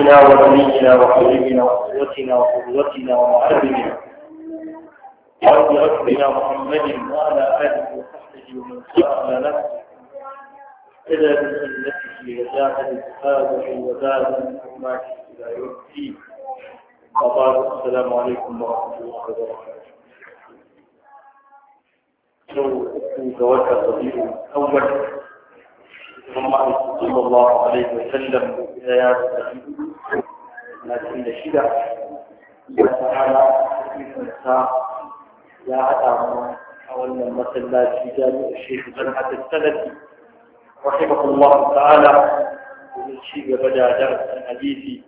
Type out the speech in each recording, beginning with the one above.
سيدنا ونبينا وحبيبنا وقوتنا وقدوتنا ومحبنا وعبد ربنا محمد وعلى اله وصحبه ومن سار على نفسه الى بسنته وزاد التابع وزاد من الى يوم الدين السلام عليكم ورحمه الله وبركاته لو كنت وجه الله صلى الله عليه وسلم يا ما كل شدة يا تعالى يا عدم حاولنا مثل لا الشيخ بنعة السند رحمه الله تعالى الشيخ بدأ درس الحديث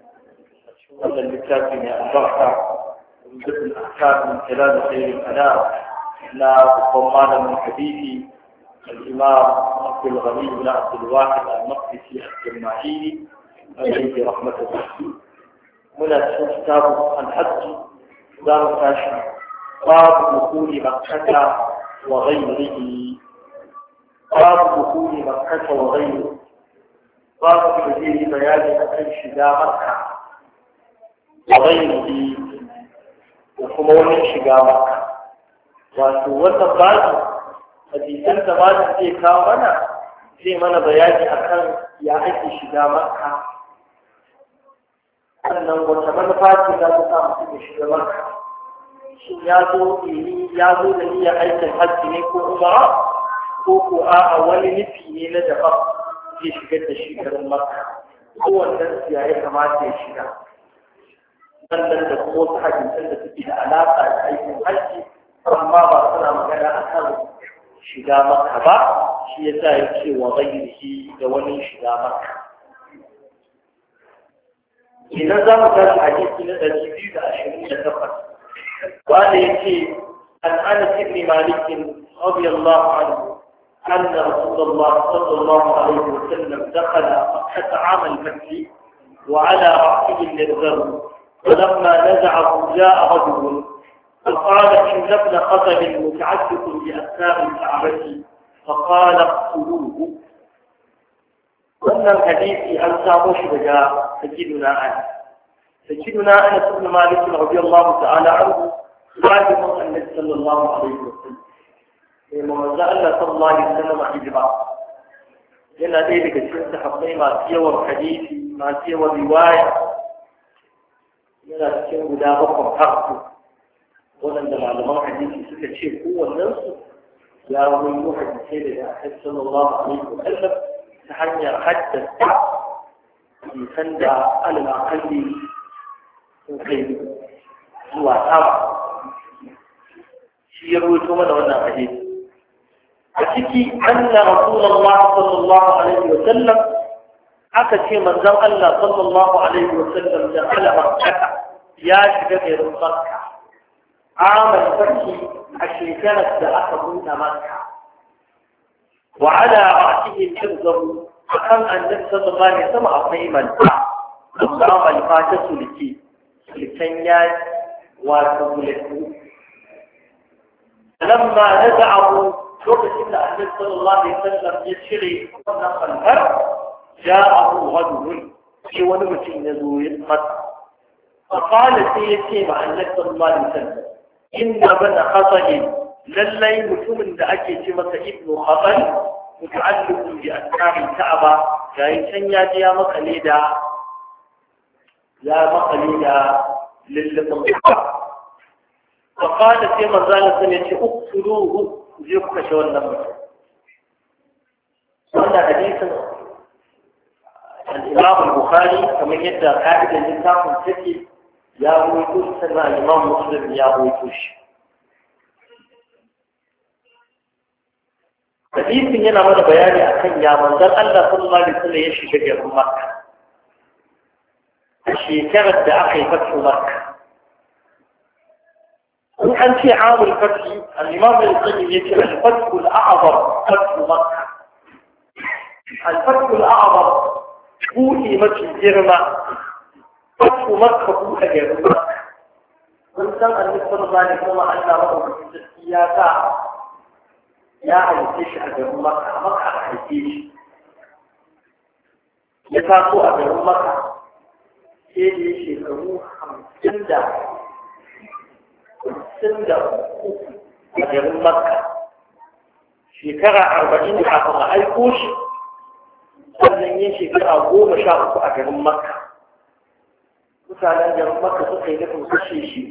هذا الكتاب من البركة ومن الأحكام من كلام خير الأنام لا تضمان من حديثي الإمام عبد الغني بن عبد الواحد المقدسي الجماعيلي عليه رحمة الله هنا كتاب الحج دار الكاشف باب دخول مكة وغيره باب دخول مكة وغيره باب الذي بيان أكل شجاع مكة وغيره وكما وين شجاع مكة وأنت باقي hadisan da malam zai kawo mana zai mana bayani akan ya ake shiga maka sannan wata manufa ce za ta sa mutum ya shiga maka shin ya zo ya zo da niyyar aikin hajji ne ko umara ko ko a wani nufi ne na daba zai shigar da shi garin maka kowanne ya ya kamata ya shiga sannan da kuma wasu hadisan da suke da alaƙa da aikin hajji amma ba suna magana a kan shiga maka ba shi ya sa ya ce wa ghairihi da wani shiga maka idan za mu tashi hadisi na ɗari biyu da ashirin da takwas wanda ya ce an ana sirri malikin radiyallahu anhu أن رسول الله صلى الله عليه وسلم دخل مكة عام المكة وعلى رأسه الذر ولما نزعه جاء رجل فقال إن لبن قتل متعسف لأسناب الكعبة فقال اقتلوه قلنا الحديث أنسى مشرجا سجدنا عنه سجدنا أنس بن مالك رضي الله تعالى عنه بعد موت النبي صلى الله عليه وسلم لما موزع الله صلى الله عليه وسلم في البعض لأن ذلك الشيء تحقيه ما سوى الحديث ما سوى الرواية لأن الشيء لا بقر حقه waɗanda malaman hadisi suka ce kowannensu ya wani hadisai daga akai sallallahu alaihi wa sallam ta hanyar haddasa hadisan da alalakalli sun kai zuwa sama shi ya rubuto mana wannan hadisi a ciki anna rasulullah sallallahu alaihi wa sallam aka ce manzon Allah sallallahu alaihi wa sallam da alama ya shiga garin Makka عام الفتح الشيكانة لأخذ مكة وعلى رأسه حفظه فكان النبي صلى الله عليه وسلم عظيم الدعاء وقام الفاتح سلكي سلكيات وسلكه لما نزعه لوقت ان النبي صلى الله عليه وسلم يشري نقل الهر جاءه غدو في ونمت يزوي قد فقال سيدي مع النبي صلى الله عليه وسلم inna bana khatalin lallai mutumin da ake ce masa ibnu khatal muta'alliqun bi ashabil ka'aba yayin can ya ji ya makale da ya makale da lillafin ka'aba fa qala sai manzon sun yace uktuluhu je ku kashe wannan mutum wannan hadisin al-Imam al-Bukhari kamar yadda ka'idar littafin take يا ويكوش سمع إمام مسلم يا ويكوش فديس ينا من بياني أكن يا من دل ألا صلى الله عليه وسلم يشي شجر مكة أشي كانت بأخي فتح مكة وكان في عام الفتح الإمام الإسلامي يجي الفتح الأعظم فتح مكة الفتح الأعظم هو إيمتي جرمة ku ka ku ka gari ba. kun san annabi sallallahu alaihi kuma Allah ba ku gaskiya ka ya halice shi a garin a maka a halice shi ya taso a garin maka sai da shekaru hamsin da hamsin da uku a garin maka, shekara arba'in kafin a aiko shi sannan yin shekara goma sha uku a garin maka. mutanen garin maka suka yi nufin kashe shi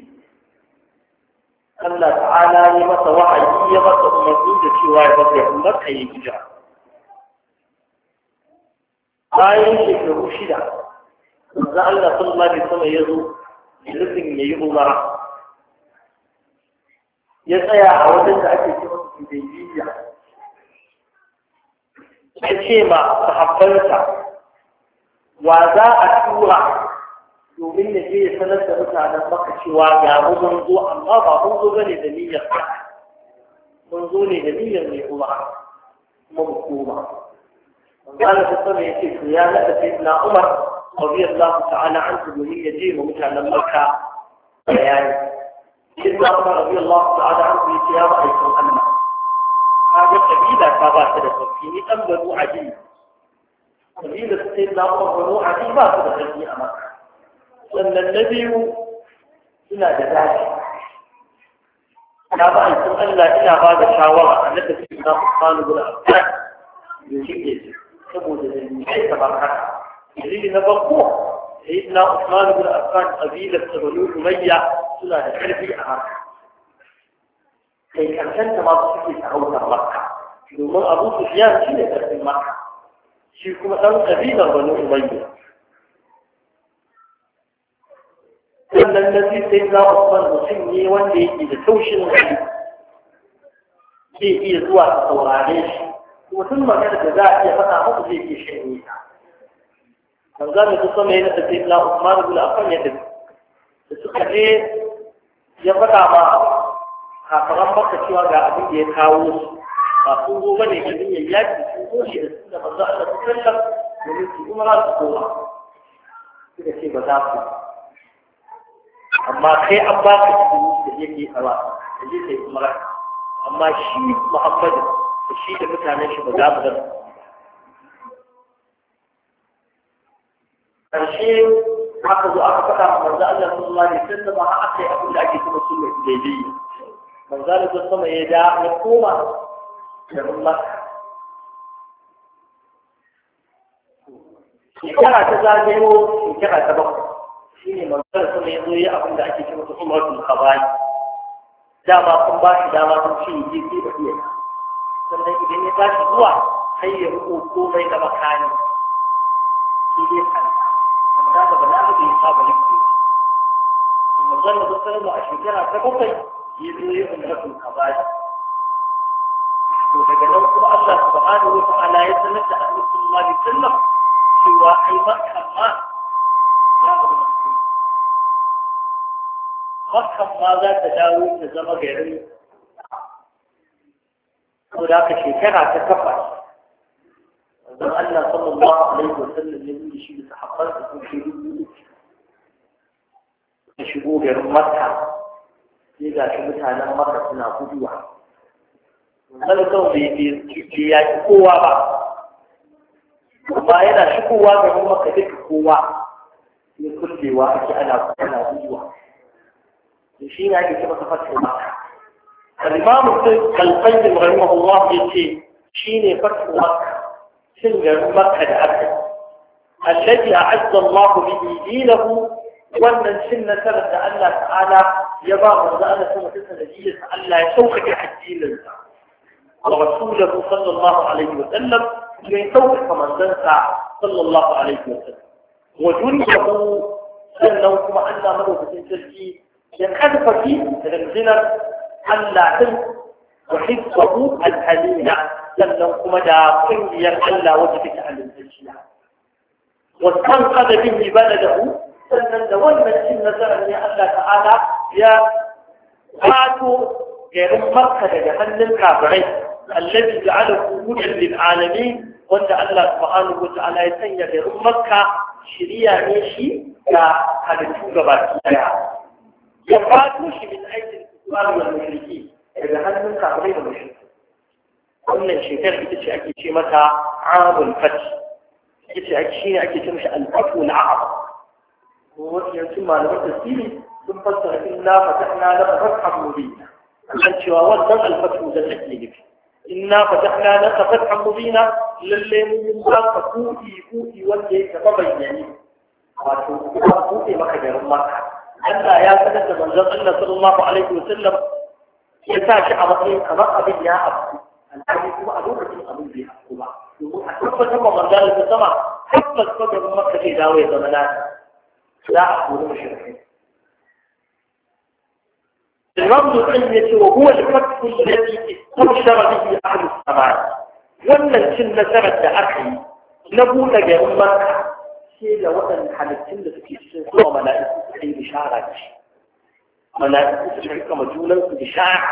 Allah ta'ala ya masa wa'ayi ya masa umarni da cewa ya bar garin maka ya gida bayan shekaru shida manzo Allah sun alaihi sama ya zo nufin ya yi umara ya tsaya a wajen da ake cewa Hudaybiyya ya ce ma sahabbansa wa za a tura domin na je ya sanar da mutanen maka cewa ga mu mun zo amma ba mun zo bane da niyyar mun zo ne da niyyar mai kuma kuma mu koma Allah ta sama ya ce to ya nada sai na Umar radiyallahu ta'ala anhu domin ya je ma mutanen maka bayani sai na Umar radiyallahu ta'ala anhu ya ce ya ba aikin Allah kaga kabila ta ba ta da sauki ni dan banu aji kabila sai na Umar banu aji ba su da sauki a maka أن النبي هنا بتاعك كما أنتم ألا إلا بعد شاورة أن نبت في مناطق قانب الأبداء يجيب يجيب يجيب يجيب يجيب سيدنا عثمان بن عفان قبيلة بنو أمية سنة الحرب في أعرف كيف أنت ما تفكر تعود مكة لما أبو سفيان شنو في مكة شيكو مثلا قبيلة بنو أمية wannan nasi sai sai a san mutum ne wanda yake da taushin hali ke iya zuwa ta saurare shi kuma tun da za a iya faɗa muku zai ke shan ne ta kan za mu kusa mai nasa sai a Usman da gula ya tafi da suka je ya faɗa ma kafaran baka cewa ga abin da ya kawo su ba sun zo bane ga niyyar yaki sun zo shi da sunna manzo Allah sallallahu alaihi wasallam domin su umara su koma suka ce ba za su amma kai an ba ka su da yake kawa da zai sai kuma amma shi muhammadu da shi da mutanen shi ba za mu zama ƙarshe aka zo aka faɗa ma manzo Allah sallallahu alaihi wasallam har aka yi abin da ake kuma sunna daidai manzo Allah sama ya da ya koma da shi shekara ta zagayo shekara ta bakwai shi ne manzar kuma ya zo ya abin da ake cewa kuma rukun kabari dama kun ba shi dama kun ce yi ji da iya sannan idan ya tashi zuwa sai ya riko komai da makani shi ne kan amma da bala'a bai saba lafiya manzar da sallallahu a shekara ta bakwai ya zo ya umratul kabari to daga nan kuma Allah subhanahu wa ta'ala ya sanar da Annabi sallallahu alaihi wasallam cewa ai makka ma hakan ma za ta dawo ta zama garin ko da ka shekara ta kafa don Allah sallallahu alaihi wa sallam ya yi shi da sahabban da ke yi da shigo garin makka sai ga shi mutanen makka suna guduwa wani kawai bai bai ki kowa ba amma yana shigowa garin makka duka kowa ya kullewa ake ana ana guduwa الشيء هذا كيف تفسره الإمام القيم رحمه الله يقول شيء فتح مكة سنجر مكة العبد الذي أعز الله به دينه ومن سن سنة الله تعالى يضع رضانة ثم تسنة دينة ألا يتوقف أحد دين ورسوله صلى الله عليه وسلم يتوقف من ذنسى صلى الله عليه وسلم وجنبه سنة ثم أنه مرة تسنة ya karfafi rundunar Allah din wa hizbahu al-halila sannan kuma da kungiyar Allah wacce take alintacciya wa kan kada da baladahu sannan da wannan cin nasarar ne Allah ta'ala ya fato garin Makka daga hannun kafirai allazi ja'alahu hudan lil alamin wanda Allah subhanahu wata'ala ya sanya garin Makka shiriya ne shi ga halittu gaba ya fato shi min aikin kusurwa da mushriki daga hannun kafirai da mushriki wannan shekarar ita ce ake ce mata amul fati ita ce ake shine ake ce mishi al-fatu al-arab ko wasu da tafsiri sun fassara inna fatahna laka fathan mubina kan cewa wannan al-fatu da take nufi inna fatahna laka fathan mubina lalle mun yi maka kuɗi-kuɗi wanda ya yake bayyane wato kuma kuɗe maka garin maka Allah ya sanar da manzon Allah sallallahu alaihi wasallam ya sa shi a matsayin kamar abin ya abu alhali kuma a lokacin abin bai abu ba domin a tabbatar ma manzon Allah sama tabbas ko da maka zai dawo ya zama na za a kori mushrikai الرمز العلمي وهو الفتح الذي استبشر به اهل السماء ولا الجنه سبت اخي نبوء جرمك sai da waɗanda halittun da suke cikin kuma mala'iku suka yi bishara da shi mala'iku suka rika ma junansu bishara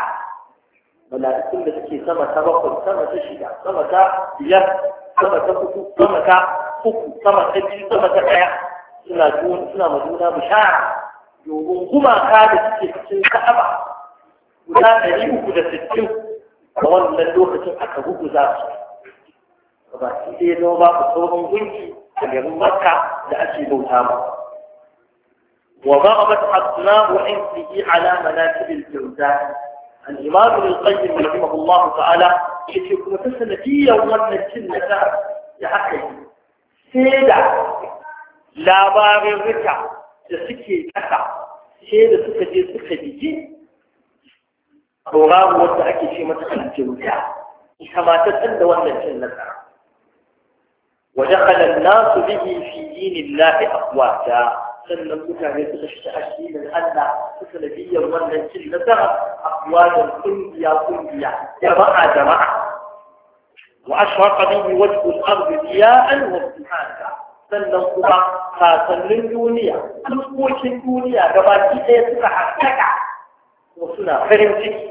mala'ikun da suke sama ta bakwai sama ta shida sama ta biyar sama ta uku sama ta uku sama ta biyu sama ta ɗaya suna suna ma juna bishara domin gumaka da suke cikin ka'aba guda ɗari uku da sittin a wannan lokacin aka gugu za su ba su ɗaya zama ba ku sauran gunki a garin makka da ake bauta ba وضربت أصناف حفظه على مناكب الجوزاء الإمام ابن القيم رحمه الله تعالى يقول تسنة في يوم السنة يحكي سيدا لا بار الركع تسكي كسع سيدا سكتي سكتي قرام وضعك في مسألة الجوزاء كما تسنة وأن السنة ودخل الناس به في دين الله أقواتا سنة كتاب يتغشت أشيدا أن كتل بي ومن سنة أفواجا كنبيا كنبيا جماعة جماعة وأشرق به وجه الأرض ضياء وابتهاجا سنة كتاب إيه من دونيا نقول من دونيا كما تيجي يتبع حقك وسنة فرمتك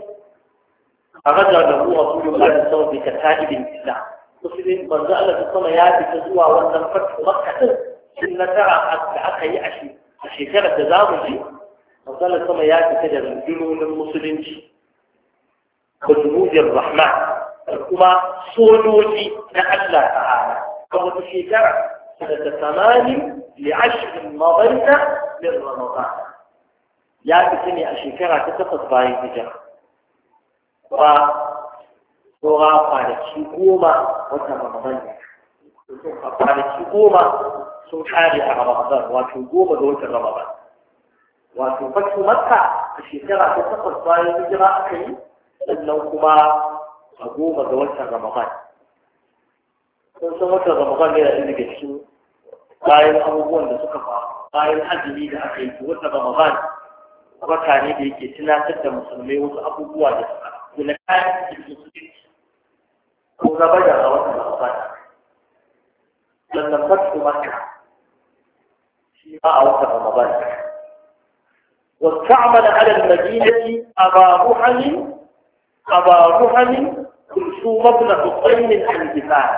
أغدر له رسول الله صلى الله الإسلام musulun manzo Allah ta sama ya fita zuwa wannan fatu makka din in na tara da aka yi a shekarar da zamu ji manzo Allah sama ya fita da rundunonin musulunci da junudin rahman da kuma sojoji na Allah ta'ala kuma ta shekara da tamanin li ashirin mabarta min ramadan ya fita ne a shekara ta takwas bayan hijira ba saura kwanaki goma wata ramadan ne kwanaki goma sun kare a ramadan wato goma ga watan ramadan wato fatu makka a shekara ta takwas bayan hijira aka yi sannan kuma a goma ga watan ramadan sun san watan ramadan yana da daga cikin bayan abubuwan da suka fa bayan azumi da aka yi wata ramadan wata ne da yake tunatar da musulmai wasu abubuwa da suka kula kayan su ko na bada a لما Ramadan مكة في maka shi ma واستعمل على المدينة أبا رحم أبا رحم كلثوم بن حسين الحنجفان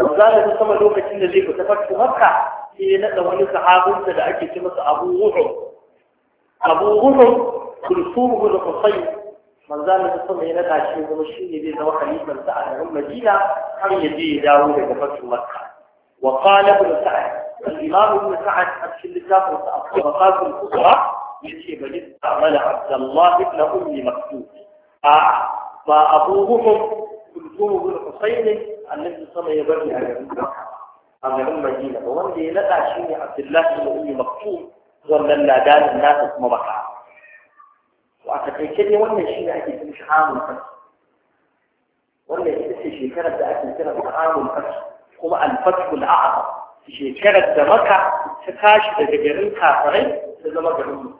السماء تسمى لوكة ليك وتفتح مكة في نقل ولي صحابه تدعك كمس أبو رحم أبو رحم كلثوم بن حسين manzalin da kuma yana shi kuma shi ne zai zama khalifar sa a garin Madina har ya je ya dawo daga fatin Makka wa qala ibn Sa'd al-imam ibn Sa'd a cikin littafin sa al-Tabaqat al-Kubra yace bani ta'amala Abdullah ibn Ummi Maktub a ba abubuhum kulkum ibn Husayn annabi sama ya bari a garin a garin Madina wanda ya nada shi ne Abdullah ibn Ummi Maktub wannan ladanin nasa kuma baka وأتكيك لي وانا شيء أكيد مش عام الفتح وانا يتسي شيكرة ده أكيد كده عام الفتح هو الفتح الأعظم شيكرة ده مكة تكاش ده جرين كافرين ده ما جرين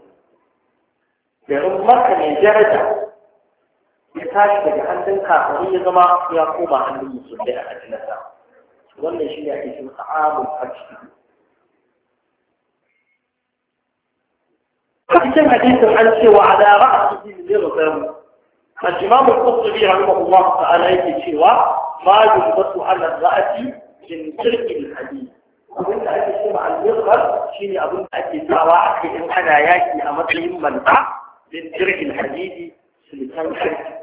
جرين مكة من جرده ya tashi daga hannun kafin ya zama ya koma hannun musulmi a ajinata wannan فاجتمع ديتم على الشيء وعلى رأس دين الإغزام فالجمام القطبي رحمه الله تعالى يتشيوى ما يجبط على الرأس من شرك الحديث أظن أن يجتمع الإغزام شيني أظن أن يتعوى في الحنايات أمضي من من شرك الحديث سلطان شرك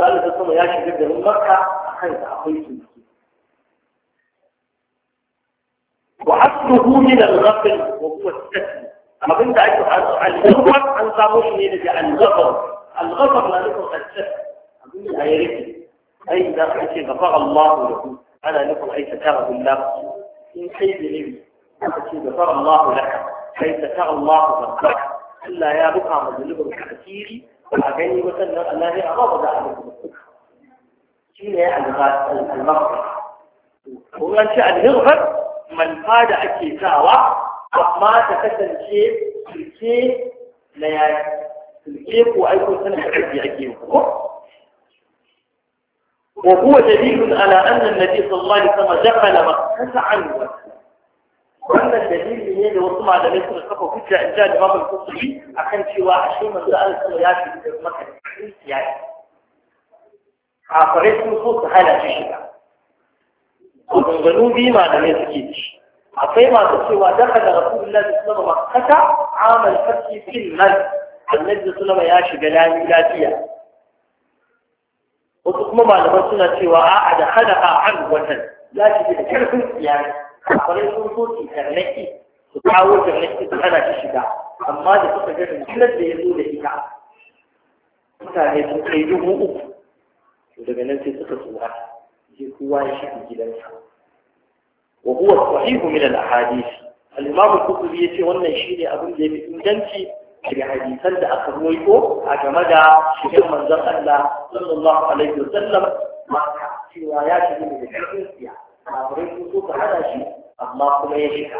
قال لك يا شيخ ابن مكه احنا اخوي وعصبه من الغفل وهو السكن أما كنت أجل الغفل أن تعمل لي لدي الغفل الغفل لا يكون السكن أقول لها يريد أي لا شيء غفر الله لكم أنا نقول أي تكاره الله إن حيث لي شيء غفر الله لك أي تكار الله لك إلا يا بقى مذنب كثير وأغني وسلم الله أغضب عليكم شيء المغفر هو أنت الغفل malfa da ake sawa amma ta kasance sulke na yayi sulke ko aiko sanar da ake ake ko وهو دليل على أن النبي صلى الله عليه وسلم دخل مكة عنه وأن الدليل من يلي وصم على مصر الكفة كجة إن جاء الإمام القصري أكن في واحد شيء من سأل السياسي في مكة يعني عفريت نصوص هلا في شبه maganganu biyu malamai suke ci akwai masu cewa dakala rasulullahi sallallahu alaihi wasallam makkata amal fathi fil mal annabi sallallahu ya shiga lami lafiya wasu kuma malaman suna cewa a'a da halaka an watan ya shiga da karfin iyali akwai sun so su tarnaki su kawo tarnaki su hana shi shiga amma da suka ga rundunar da ya zo da ita mutane sun kai dubu uku daga nan sai suka tsora لهواشي جدا وهو صحيح من الأحاديث الإمام الكتب يتوانا الشيء أبن جيب إنجنتي في حديثا لأخر ويكو أجمع شكرا من ذلك الله صلى الله عليه وسلم ما في رواياته من الحديثية أمرين كتب هذا شيء أما كما يشكى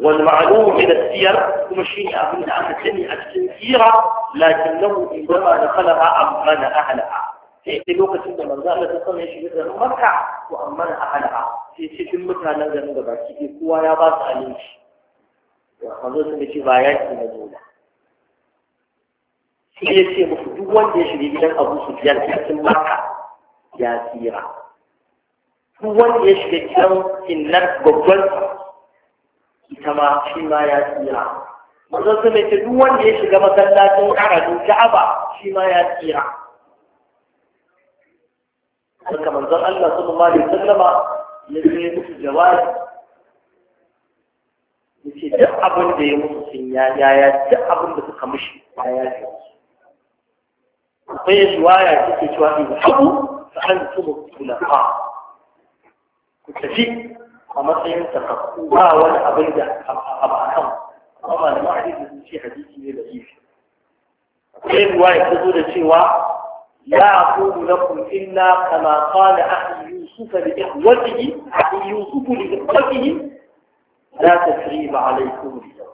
والمعلوم من السير كما الشيء أبن أخذني السيرة لكنه إذا ما دخلها أم أهلها sai dai lokacin da manzo Allah ta sanya shi garin Makka to amma na ahalaha sai duk mutanen da da baki ke kowa ya ba su aminci manzo sun ce ba ci na dole sai ya ce muku duk wanda ya shiga gidan Abu Sufyan cikin Makka ya tsira duk wanda ya shiga gidan Innar babban ita ma shi ma ya tsira manzo sun ce duk wanda ya shiga masallacin Arabu Ka'aba shi ma ya tsira haka manzon Allah sallallahu alaihi sallama, ya ce musu jawabi yace duk abin da ya musu sun ya ya duk abin da suka mishi ya ya ce akwai riwaya take cewa in habu fa antum khulafa ku tafi a matsayin takakku ba wani abin da abu akan amma da ma'adin da sun ce hadisi ne da ifi akwai riwaya ya zo da cewa لا أقول لكم إلا كما قال أخي يوسف لإخوته أخي يوسف لإخوته لا تسريب عليكم اليوم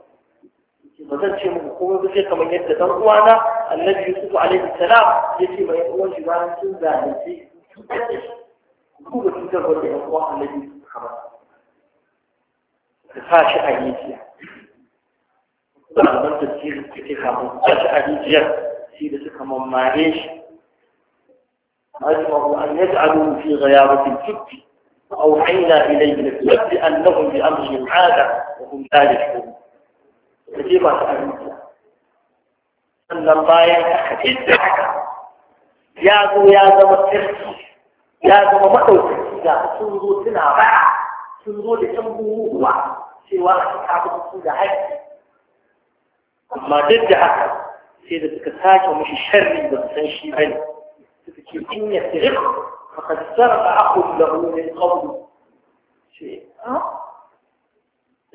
مثلا شيء من قوة بسيطة كما يبدأ تنقوانا الذي يوسف عليه السلام يجي ما يقول جمال سنة التي قوة تنقوة لإخوة الذي يتحرك فاشا أليسيا بعد ما تسير التكيخة فاشا أليسيا سيدة كما ماريش أجمعوا أن يجعلوا في غيابة الجد فأوحينا إليه للجد أنهم بأمرهم عادة وهم لا ما عجيبة أن الله يتحدث يا ذو يا ذو مسرتي يا ذو مطوك يا سنغو سنع باع سنغو لتنبو هو سوى أحد أحد أما جد عقل سيدة كساك ومشي شري بسنشي عنه إن يسرق فقد سرق أخ له من قبل شيء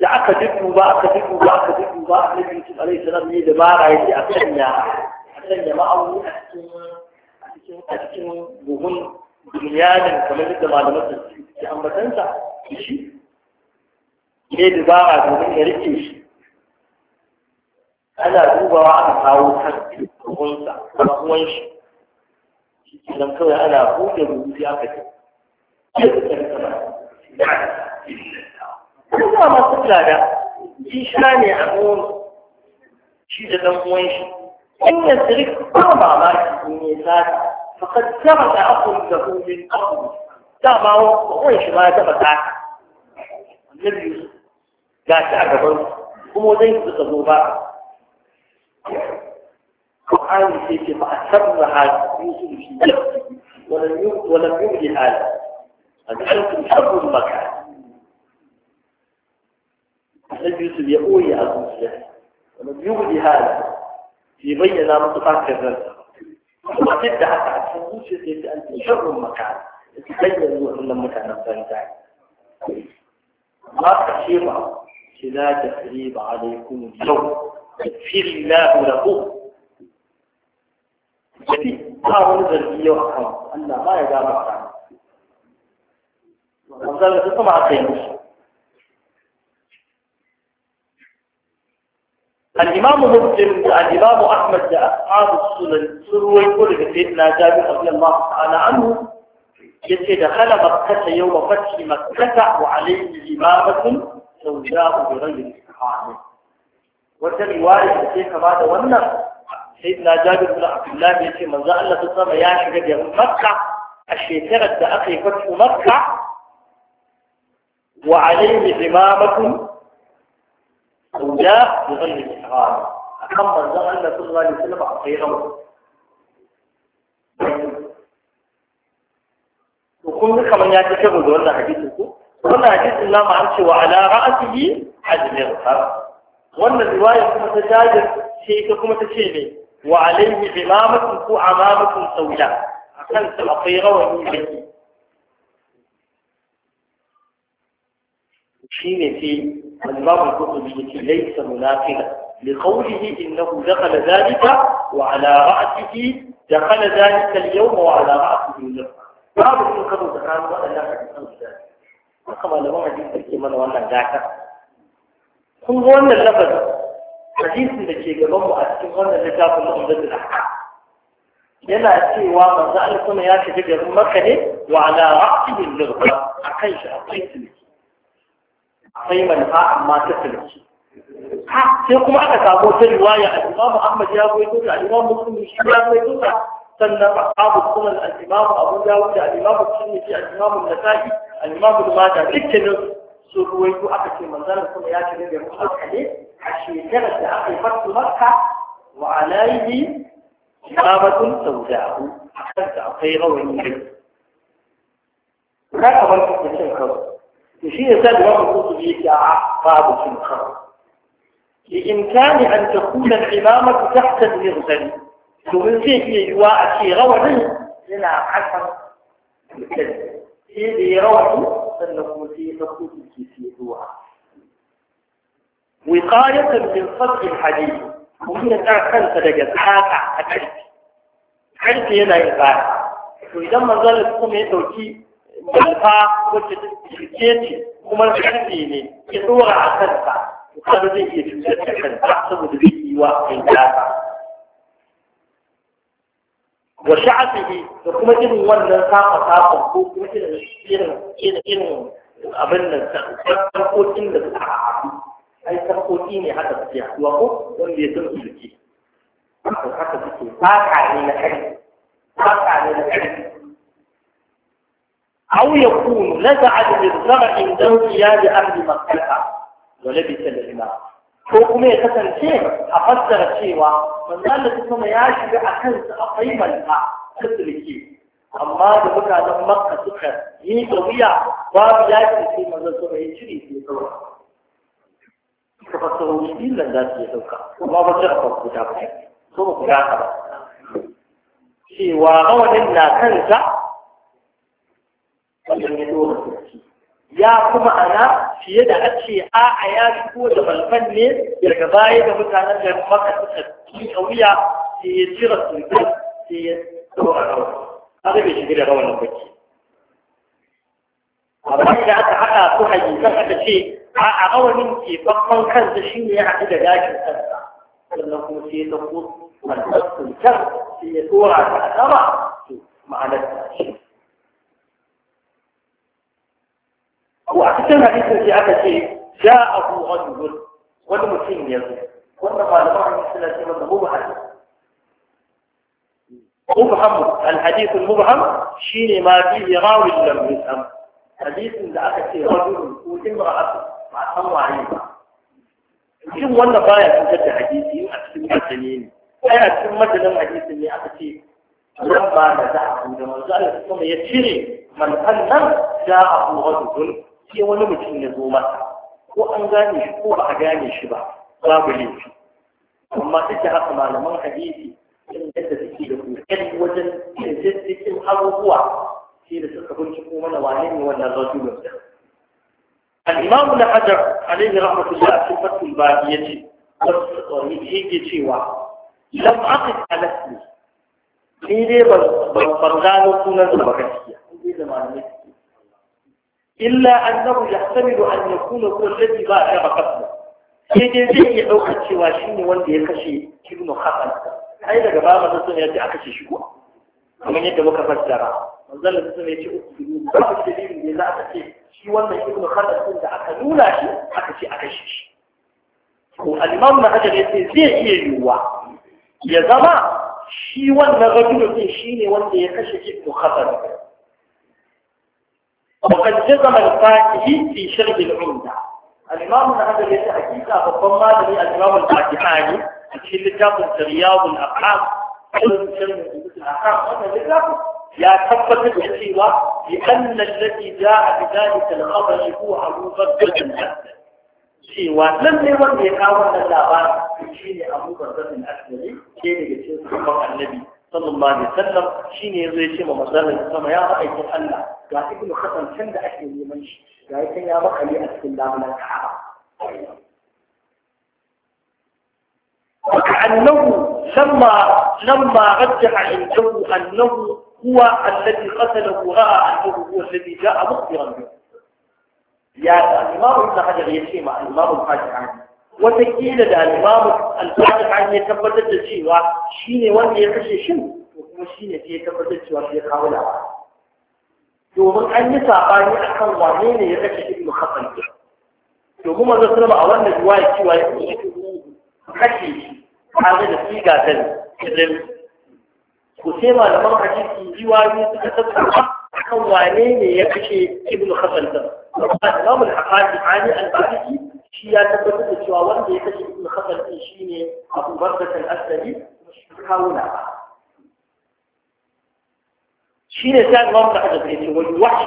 لعك جبه باك جبه باك جبه باك نبي يوسف عليه السلام يجي دبارة يجي أسنى أسنى ما أولي أسكن أسكن بهن دنيانا كما جد ما لمسة في أمر تنسى شيء يجي دبارة بهن يريكي شيء أنا دوبا وعلى هاو تنسى وغنسى وغنسى shi kawai ana buɗe rubutu aka ce ko ne a ruwan shi da ɗan uwan shi in ba mamaki in ya sata fakat sama da akwai da wani shi ma ya taɓa ga shi a gaban kuma wajen su zo ba القرآن في فأسرها يوسف في نفسه ولم ولم يبدي هذا أن الحلق شر المكان النبي يوسف يؤوي على المسلم ولم يبدي هذا في بين منطقة وما وتبدا حتى عشان يوسف أنت شر المكان تبين ولا مكان فانتعي ما تحشير لا تسريب عليكم اليوم يغفر الله لكم الإمام مسلم الإمام أحمد أصحاب السنن سروي كل سيدنا جابر رضي الله تعالى عنه يسي دخل مكة يوم فتح مكة وعليه إمامة سوداء بغير وتبي وترواية كيف بعد والنفس سيدنا جابر بن عبد الله يتي من زال الله تسمى يا شجاب يا مكة الشيطرة دا أخي فتح مكة وعليه إمامة وجاء بظل الإحرام أكم من ذا الله صلى الله عليه وسلم أخيره وكم ذلك من يتكبر دولنا حديثكم wannan hadisin namu an ce wa ala ra'atihi hajjin wannan riwaya kuma ta jajir ce ita وعليه عمامة كو عمامة سوداء أكلت الأطيرة ومجدد شين في الباب التي ليس منافلة لقوله إنه دخل ذلك وعلى رأسه دخل ذلك اليوم وعلى رأسه اليوم باب القطب كان وأنا كما لو أنا جبت كمان وأنا ذاك هو أن اللفظ hadisin da ke gaban mu a cikin wannan littafin Umdatul Ahkam yana cewa manzo alkuna ya shiga garin Makka ne wa ala ra'sihi al-lirba akan shi akwai tilki akwai manfa amma ta tilki ha sai kuma aka samu ta riwaya al-Imam Ahmad ya goyi ta al-Imam Muslim shi ya goyi ta sannan ashabu sunan al-Imam Abu Dawud al-Imam Tirmidhi al-Imam An-Nasa'i al-Imam Ibn Majah dukkanin سوروي كو أكتي منظر كم ياتي نبي محمد عليه حشي ثلاثة أقل فرط مكة وعليه جابة سوداء حتى أطير ونبي كيف أن تكون الإمامة تحت المغزل ومن فيه يواء شيء غوى منه sannan kuma sai ya ɗauko jiki sai ya zuwa wiqayatan min fadl hadith mun da ta kanta daga tsaka a ƙarfi ƙarfi yana yin tsaka to idan manzalin kuma ya ɗauki malfa wacce ta cike ne ya ɗora a kanta to zai iya cutar da saboda zai yi wa kai wa sha'afihi da kuma irin wannan safa safa ko kuma irin irin irin abin nan sarkokin da suka haɗu ai sarkoki ne haka suke haɗuwa ko wanda ya san sulki haka haka suke saka ne na kai saka ne na kai أو يكون نزع بالزرع عند انقياد أهل مكة ولبس العمار ko kuma ya kasance a fassara cewa manzan da kuma ya shiga a kansa a faimanta ta sulki amma da mutanen makka suka yi da babu ya ce sai manzan su ya cire sai kawai suka fassara wani illan za su iya ɗauka kuma ba su rafa guda ba so ba guda ka ba cewa rawanin na kansa wannan ya dora sulki ya kuma ana fiye da a ce a a ya fito da balfan ne daga baya da mutanen da maka suka tuka wuya sai ya jira sultan sai ya dora rawa har bai shiga da rawan baki amma idan aka haɗa su hadisan aka ce a a rawanin ke babban kansa shi ne ya haɗu da gashin kansa sannan kuma sai ya ɗauko balfan sultan sai ya dora ta a sama ma'anar shi هو أكثر حديث في هذا جاءه جاء أبو غنب ولم يكن يزل ما نبعني الثلاثة من هو محل مبهم الحديث المبهم شين ما في يغاوي لم يفهم حديث من ذاك الشيء رجل وامرأة مع الله عليهما كم وانا باية في جد حديثي وأكثر مجنين أي أكثر مجنين حديث اللي أكثر لما نزعه من المزال ثم يتشري من أنه جاء أبو غزو sai wani mutum ya zo masa ko an gane shi ko ba a gane shi ba babu laifi amma take haka malaman hadisi irin yadda suke da kokari wajen cikin abubuwa sai da suka binciko mana wane ne wannan rajulun da الإمام ابن عليه رحمة الله في فتح البادية هيك لم أقف على اسمي ni dai ban gano sunan da baka ciya malamai إلا أنه يحتمل أن يكون هو الذي باع بقصده sai zai iya ɗaukar cewa shi wanda ya kashe ibnu ai daga baba da sun yadda aka ce shi ko kamar yadda muka fassara manzon da sun yace uku biyu ba su da dalili ne za ce shi wannan ibnu hasan da aka nuna aka ce aka kashe shi ko al-imam na hajar yace zai iya yiwuwa ya zama shi wannan rajulun din shi ne wanda ya kashe ibnu وقد جزم الفاتحي في شرب العمدة الإمام هذا ليس حقيقة ربما لي الإمام الفاتحاني في لجاب رياض الأرحام يا تبت الحسيوة لأن الذي جاء بذلك الخبر هو أبو بكر الأسد سيوى لم يكن يقاوم اللابان في أبو بكر الأسد كيف يجب النبي صلى الله عليه وسلم شيني يزوي شيء ومزال السماء يا رأي تحلى قال ابن خطن كم ده من اللي منش قال يا رأي لي أسك الله من الحرام وكأنه لما لما رجع عنده أنه هو الذي قتله راى أنه هو الذي جاء مخبرا به يا الإمام ابن حجر يشيمة الإمام ابن عنه watakila da alimamu alfahari kan ya tabbatar da cewa shi ne wanda ya kashe shin to kuma shi ne ya tabbatar cewa shi ya kawo labari domin an yi sabani a kan wane ne ya kashe ibnu hasan domin manzo sallama a wannan riwaya cewa ya kashe kashe shi tare da siga dan idan ku sai malaman hadisi ne suka tattauna kan wane ne ya kashe ibnu hasan din amma imamul hafiz ali al-bahri shi ya tabbatar da cewa wanda ya kashe ibn khatal din shine Abu Bakr al-Asadi kawuna shine sai Imam da hada yake wa yuwash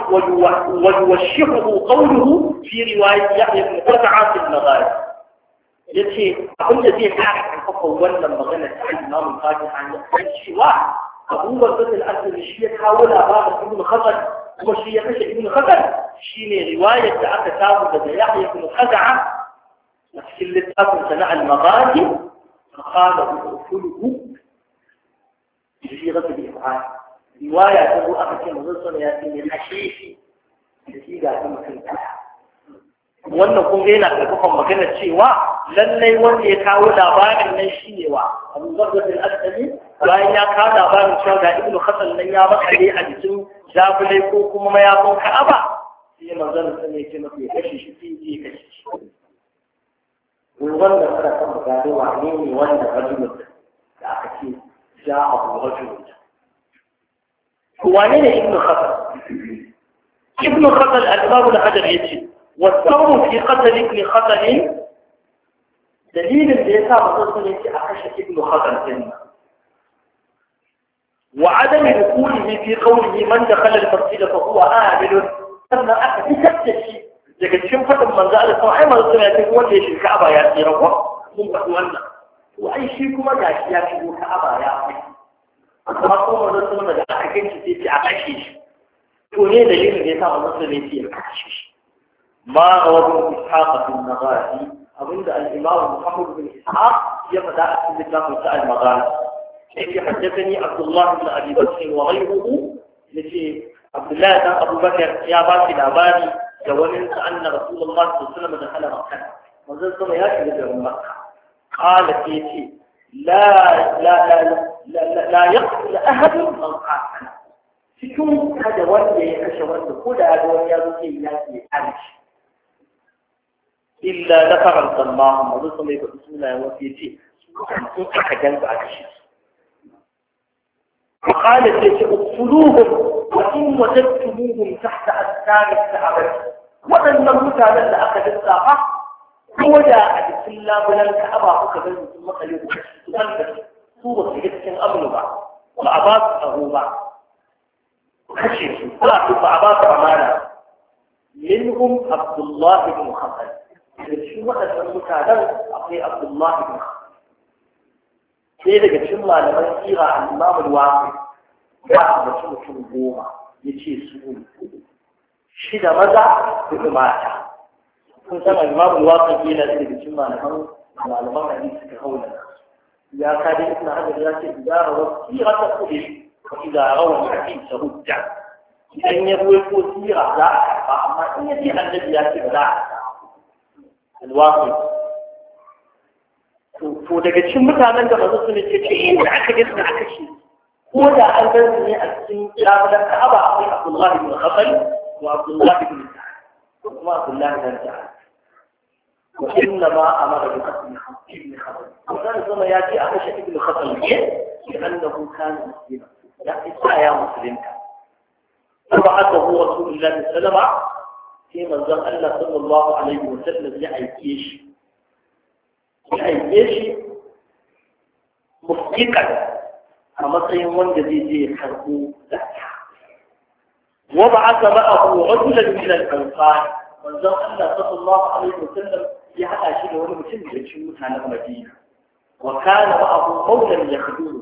wa yuwashihu qawluhu fi riwayat Yahya ibn Qata'a fi al-Maghrib yace abin da zai kara karfafa wannan magana ta Imam al-Qadi an yi cewa Abu Bakr al-Asadi shi ya kawo labarin ibn Khatal kuma shi ya kashe ibn Khatal shine riwayar da aka samu daga Yahya ibn Qata'a cikin littafin sana al-maghazi qala ukuluhu fi ghasl al-if'al riwaya ta zo aka ce manzon sallallahu ya ce ne hashishi da shi ga kuma kan wannan kun ga yana karfafan magana cewa lallai wanda ya kawo labarin nan shi ne wa abu zargafin asali bayan ya kawo labarin cewa ga ibnu hasan nan ya makale a jikin jabulai ko kuma mayafin ka'aba sai manzon sallallahu ya ce mafi kashi shi sai ya kashi ويولى الخاتم يعني وعينين يولى الرجل العقيد جاء الرجل وعينين ابن خطر ابن خطر الأسباب لحجر يجي والثور في قتل ابن خطر دليل اللي يسا بصوصنا يجي أخشى ابن خطر جنة وعدم دخوله في قوله من دخل المسجد فهو آمن أن أخذ تكتشي daga cikin fadin manzo Allah sai ai manzo ya ce wanda ya shirka aba ya tsira ko mun faɗi wannan to ai shi kuma gashi ya shigo ka aba ya fi amma ko manzo sun da aka kinci sai ce a kashe shi to ne dalilin da ya sa manzo sai ce ya kashe shi ma rawu ishaq bin abinda al-imam Muhammad bin Ishaq ya faɗa a cikin littafin sa al-Maghazi yake haddathani Abdullah bin Abi Bakr wa ghayruhu yace Abdullah dan Abu Bakr ya ba shi labari جوابك أن رسول الله صلى الله عليه وسلم دخل مكة وزل ثم يأتي إلى مكة قال فيتي لا لا لا لا لا, يقتل أحد من قاتل سكون هذا وجه كشوان دخول هذا وجه يأتي إلى أمش إلا ذكر الله ما ذكر بسم الله وفيتي سكون أحد من قاتل وقالت لتأكلوهم وإن وجدتموهم تحت أسنان السعبة وأن المتابع لأخذ الساقة هو جاء بسم الله ولن كأبا أكبر مثل مطل يبكشت تنبت صورة جدك أمن بعض وعباس أهو بعض خشيش لا تبع عباس منهم عبد الله بن محمد شو وقت المتابع أخي عبد الله بن محمد sai daga cikin malaman tsira a imamul wasu ya ambaci mutum goma ya ce su ne shida maza hudu mata kun san imamul wasu yana daga cikin malaman malaman hadisi ta haula ya ka dai ibn hajar ya ce idara wasira ta kudi wa idara wa hadisi hujja idan ya ruwa ko sira za a karba amma in ya ce annabi ya ce ba za a karba alwasu to daga cikin mutanen da mazu su ne ce ce inda aka je suna aka ce ko da an gan su ne a cikin labaran ka'aba akwai abdullahi bin khatal wa abdullahi bin da kuma abdullahi bin da wa inna ma amara bi qatl ibn khatal wannan zama ya ce aka shi ibn khatal ne annahu kana muslima ya isa ya musulunta فبعثه رسول الله صلى الله عليه وسلم في منزل الله صلى الله عليه وسلم لأيكيش ya aike shi muftikan a matsayin wanda zai je ya karɓo zakka wa ba aka ba abu rajulan min al-ansar manzon Allah sallallahu alaihi wasallam ya haɗa shi da wani mutum da cikin mutanen Madina wa kana ba abu maulan yakhduru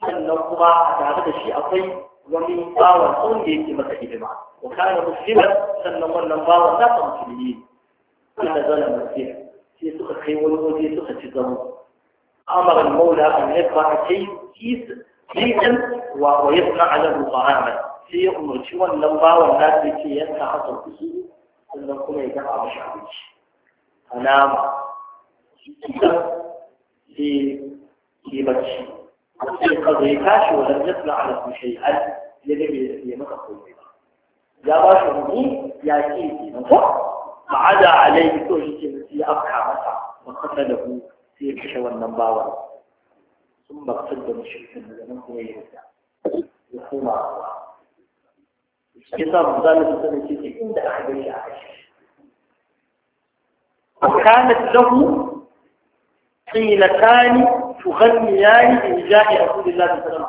sannan kuma a tare da shi akwai wani bawan tsawon da yake masa hidima wa kana musliman sannan wannan bawan nasa musulmi ne kana zana sai sai suka kai wani waje suka ci zama amara maula an yabba kai kisan wa wa yasna lahu ta'aman sai ya umarci wannan bawan da sai ce yanka haka kusu sannan kuma ya dafa mashi abinci alama kisan sai ke bacci sai kaza ya tashi wa lam yasna lahu shay'an ya dabe ya maka komai ba ya ba shi hukumi ya ce kenan ko fa'ada alaihi to shi ke sai afka masa wa da ku sai ya kashe wannan bawan sun baktar da mashirkin da nan kuma ya ya koma ruwa shi sa mu zalim da sanin ce inda aka gani a kashe وكانت له قيلتان تغنيان بنجاح رسول الله صلى الله عليه وسلم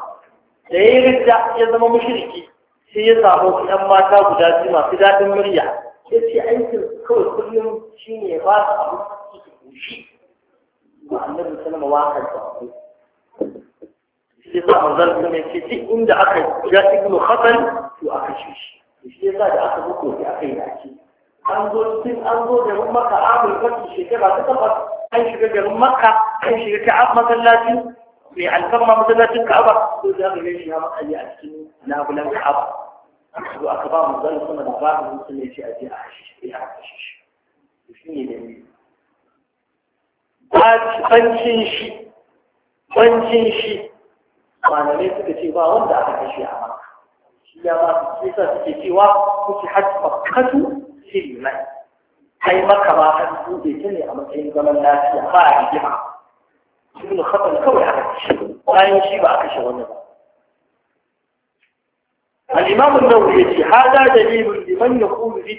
da ya rija ya zama mushriki sai ya samu su ‘yan mata guda biyu masu daɗin murya ya ce aikin kawai kullum shi ne ba su abin su ke kushi ba annabi sallama wakar da abu shi yasa manzon kuma ce duk inda aka ga ibnu khatal to aka ci shi shi sa da aka buko shi aka yi dace an zo tun an zo garin maka amul fati shekara ta takwas an shiga garin maka an shiga ka'ab masallaci mai alfarma masallacin ka'aba to za ka shi ya makali a cikin labulan ka'aba zo aka ba mu zan sama da ba mu mutu ne ce a je a hashishi a hashishi shi ne da ni? ne bancin shi bancin shi malamai suka ce ba wanda aka kashe a maka shi ya ba su sa suke cewa kuci hatfa katu silmai kai maka ma kan buɗe ta ne a matsayin zaman lafiya ba a rigima ibn khatal kawai aka kashe bayan shi ba a kashe wani ba الإمام النووي في هذا دليل لمن يقول في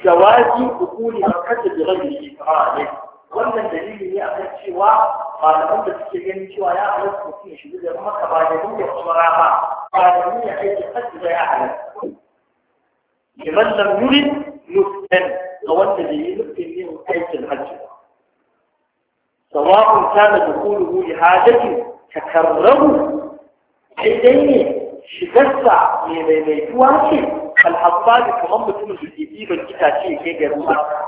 دخول مكة بغير إفراد ومن دليل لي أخذ شواء قال أنت تتكلم شواء يا أخذ مكين شبيل مكة بعدهم يخبرها قال من يحيث الحج لا يعلم لمن لم يرد مستن فولن دليل في حيث الحج سواء كان دخوله لحاجة تكرره حيديه shigarsa mai maimaituwa ce alhassani kamar mutumin da ke ɗiban itace ke garin maka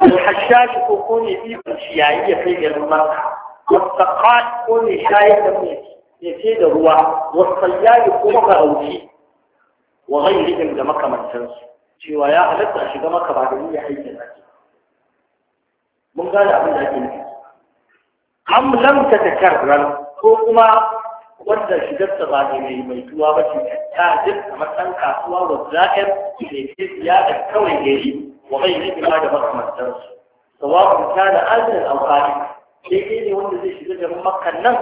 alhashashi ko ko ne ɗiban ciyayi ya kai garin maka wasaka ko ne shayar da mai ya ce da ruwa wasayyari ko makarauci wa ghairihim da makamantansu cewa ya halatta a shiga maka ba da niyyar aikin ake mun gane abin da ake nufi am lam tatakarrar ko kuma wanda shigarta ba ne mai tuwa ba ce ta jirka matsan kasuwa wa za'ir da ke siya da kawai gari wa bai yi kuma da makamantarsu. Sawabin ta da ajiyar alfahari, ɗaya ne wanda zai shiga da makan nan,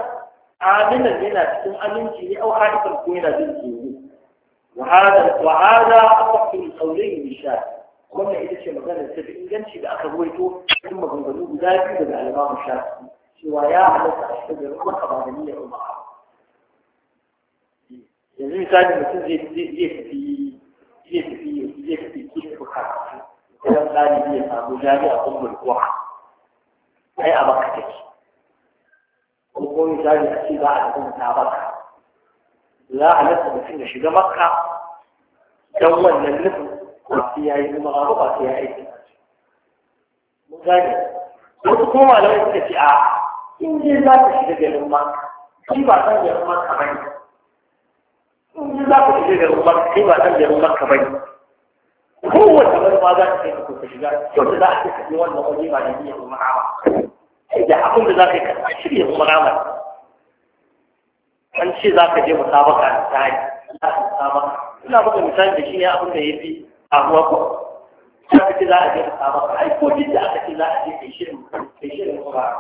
aminan yana cikin aminci ne au hari farko yana jin tsoro. Wa hada akwakin tsaurin yin sha, wannan ita ce magana ta fi inganci da aka ruwaito cikin maganganu guda biyu daga alamamu sha, cewa ya halatta a shiga garin makamaniyar ba'a. yanzu misali mutum zai tafi zai tafi zai tafi kirkin karatu idan ɗalibi ya samu jami'a ummul kuwa ai a baka take Kuma ko misali a ce za a tafi ta baka za a nasa mutum ya shiga don wannan nufin ba sai ya yi umara ba ba sai ya aiki mun gane wasu kuma malamai suka ce a in dai za ka shiga garin makka shi ba san garin makka ba ne za ku shiga garin makka kai ba san garin makka bane kowace wani za ta kai ku ku shiga yau da za a kai wannan waje ba da niyyar umara ba da abin da za ka yi ka shirya umara ba an ce za ka je musabaka da tsari za ka musabaka ina buga misali da shi ne abin da ya fi abuwa ko za ka ce za a je musabaka ai ko duk da aka ce za a je kai shirin kai shirin umara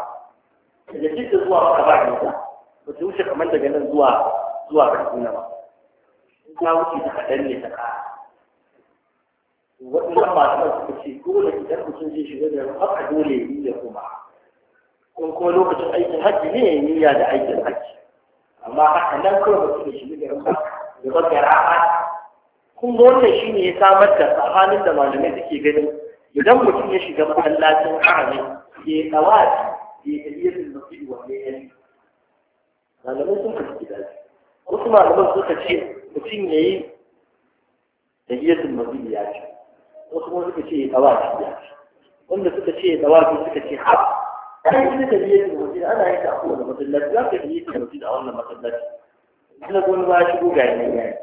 da duk da zuwa maka ba nisa ba su wuce kamar daga nan zuwa zuwa kaduna ba ta wuce ta kaɗan ne ta ƙara waɗannan masu suka ce dole idan mutum zai shiga da haka dole ya yi ya kuma Kun kuma lokacin aikin hajji ne ya niyya da aikin hajji amma haka nan kawai mutum ya shi da da ba ga ra'a kun ga wannan ne ya samar da tsakanin da malamai suke ganin idan mutum ya shiga masallacin harami ya tsawaci ya tafiye da mutum wa ne ya yi malamai sun ka suke wasu malamai suka ce mutum ya yi da hiyatul mazidi ya ce wasu kuma suka ce ya dawafi ya ce wanda suka ce ya tawafi suka ce hab ai ita da hiyatul mazidi ana yi ta a kowane masallaci za ka hiyatul mazidi a wannan masallaci ina ga wani ba shi shigo ga yanayi ya yi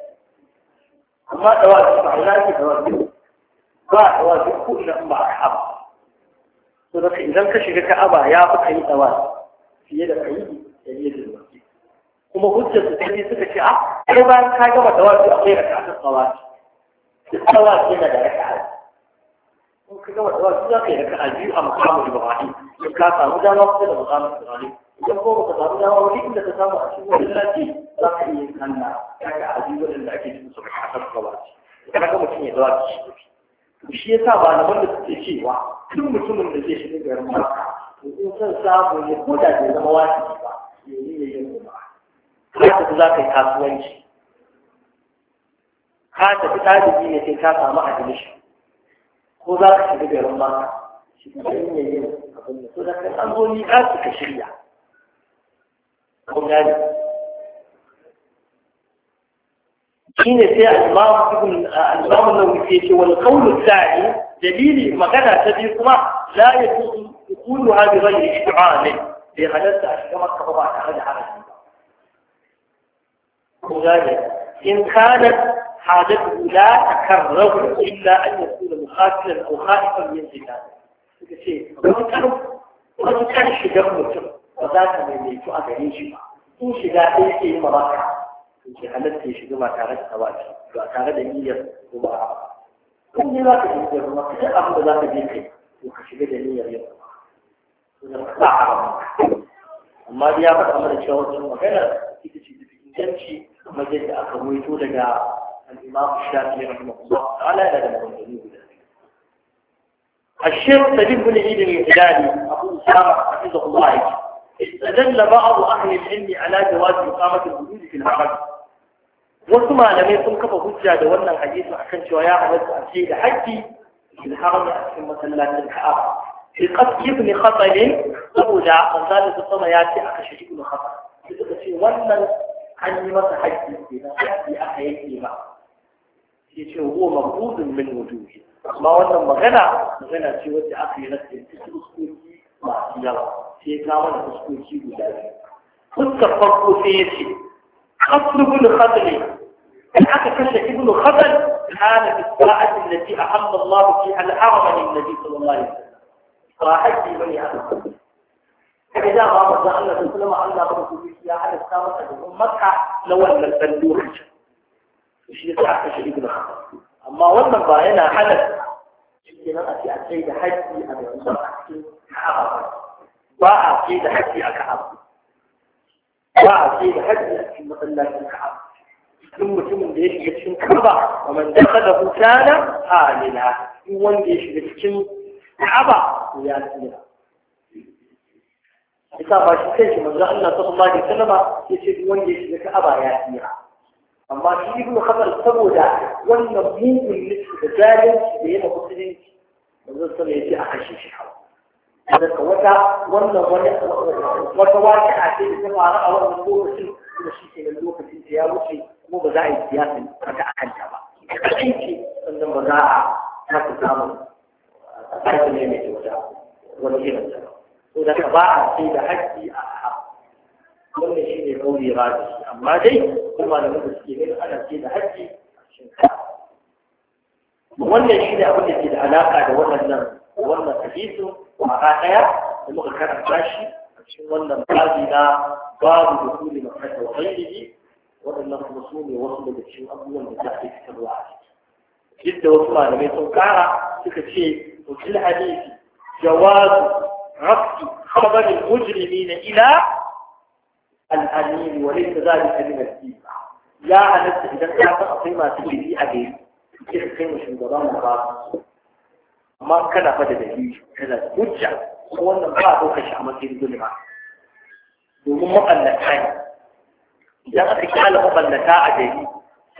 amma tawafi ba ina ce tawafi ba tawafi ko ina ba a hab to da idan ka shiga ka'aba ya fi ka yi tawafi fiye da ka yi da hiyatul mazidi kuma hujjar su ta suka ce a ah, sai ba ka gama a akwai da ta tawafi duk tawafi yana da raka'a in ka gama wasu za ka yi ka biyu a da ibrahim in ka samu dama kusa da da ibrahim idan ko ka samu dama wani inda ka samu a cikin wani lati za ka iya yin kanna a biyu da ake cikin su kasar tawafi kana ka mutum ya tawafi shi ya sa ba na wanda suke cewa duk mutumin da zai shiga garin maka ko in son samu ne ko da bai zama wajibi tafi za ka yi kasuwanci ka tafi ɗalibi ne sai ka samu admission ko za ka shiga garin mata shi ne yin abin da so da kan an zo ni ka ka shirya kun gane shine sai al-imam ibn al-imam an-nawawi ya ce wal qawl al-sa'i dalili magana ta biyu kuma la yajuzu qulu hadhihi ghayr isti'ana bai halatta a shiga makka ba tare da haraji كذلك إن كانت حاجته لا تكرر إلا أن يكون مخاطرا أو خائفا من زيادة وقد كان الشجاع مكتب وذاك من ليتو أغني شبا إن شجاع إيه مراكا إن شهدت في شجاع ما كانت سواجه وكان دنيا وما عرب كم دي واقع يجب أن يكون أبو ذاك بيكي وكشبه دنيا يجب أن يكون أبو ذاك بيكي وما دي أبو ذاك بيكي وما دي أبو ذاك بيكي كما جد ويتولى جاء الإمام الشافعي رحمه الله تعالى لا لم الشيخ سليم بن عيد الهلالي أبو أسامة حفظه الله استدل بعض أهل العلم على جواز إقامة الوجود في الحرم وثم لم يكن كفى هجة دولنا الحديث عشان شوية عملت أشياء حجي في الحرم أحسن مثلا الحرم في قتل ابن خطل أبو ذلك قنزال ياتي أخشى ابن خطل wannan حجي ما تحجي فيها حجي أحيك فيها يشي هو مبهود من وجوده ما وزن مغنى مغنى شي ودي أخي نسي تسكوكي ما يلا شي كامل تسكوكي بلاي خد تفقه سيشي خطر كل خطري الحق كشة ابن خطر الآن الإسراعة التي أحمد الله فيها الأعمى للنبي صلى الله عليه وسلم إسراعة في بني أحمد إذا غاب الله سلم على رسول الله السلام عليكم مكة لو أن البندور وشي تعرف شيء ابن أما وانا باينا حدث كنا أتي أتي حجي أبي عمر حرام باع أتي حجي أكعب باع أتي حجي في مطلع الكعب ثم ثم ليش يتشم كعبة ومن دخله كان آمنا وان ليش يتشم كعبة ويا سيرا yasa ba shi kanshi manzo Allah sallallahu alaihi wasallam yace duk wanda ya shiga Aba ya tsira amma shi ibn Khatar saboda wannan mugun nufi da zalunci da yana musulunci manzo sallallahu yace a kashe shi daga wata wannan wani wata wata a ce da ta a wannan lokacin kuma shi ke nan lokacin da ya wuce kuma ba za a yi ba ta a kanta ba kai ce sannan ba za a haka samun a ƙarfi ne mai kyauta wani irin zama ko da ka ba a sai da haƙƙi a ha wannan shi ne kauri raji amma dai kuma da mutum suke ganin ana sai da haƙƙi a cikin shinkafa wannan shi ne abin da ke da alaƙa da waɗannan wannan hadisin a ɗaya da muka karanta shi a cikin wannan babi na babu da kuli makasa wa ghairihi waɗannan kuma su ne wasu daga cikin abubuwan da za a yi fitarwa a ciki duk da wasu malamai sun ƙara suka ce to fil hadisi jawabu. رفض خبر المجرمين إلى الأمين وليس ذلك من الدين يا أهل السجدان يا فأصيما تجري أبي كيف كانوا شمدران مرات ما كان فجد لي هذا المجع هو أن بعضه كشع ما كان يدون معه دون مؤلتين يا أخي كان مؤلتا أجري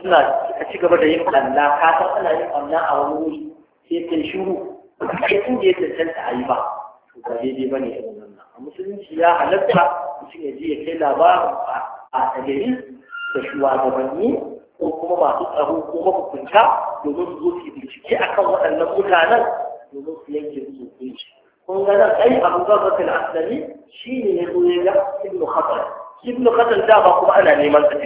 سنة أشيك بدأ يقول أن لا كاتب أنا يقول أن أولوي يتنشروا يتنشروا يتنشروا يتنشروا ba daidai ba ne a musulunci ya halatta mutum ya je ya kai labarin a gari da shugabanni ko kuma masu tsaro ko mahukunta domin su zo su bincike kan waɗannan mutanen domin su yanke su hukunci kun ga nan ai abu bakar asali shi shine ya zo ya ga ibnu khatal ibnu khatal da ba kuma ana neman sa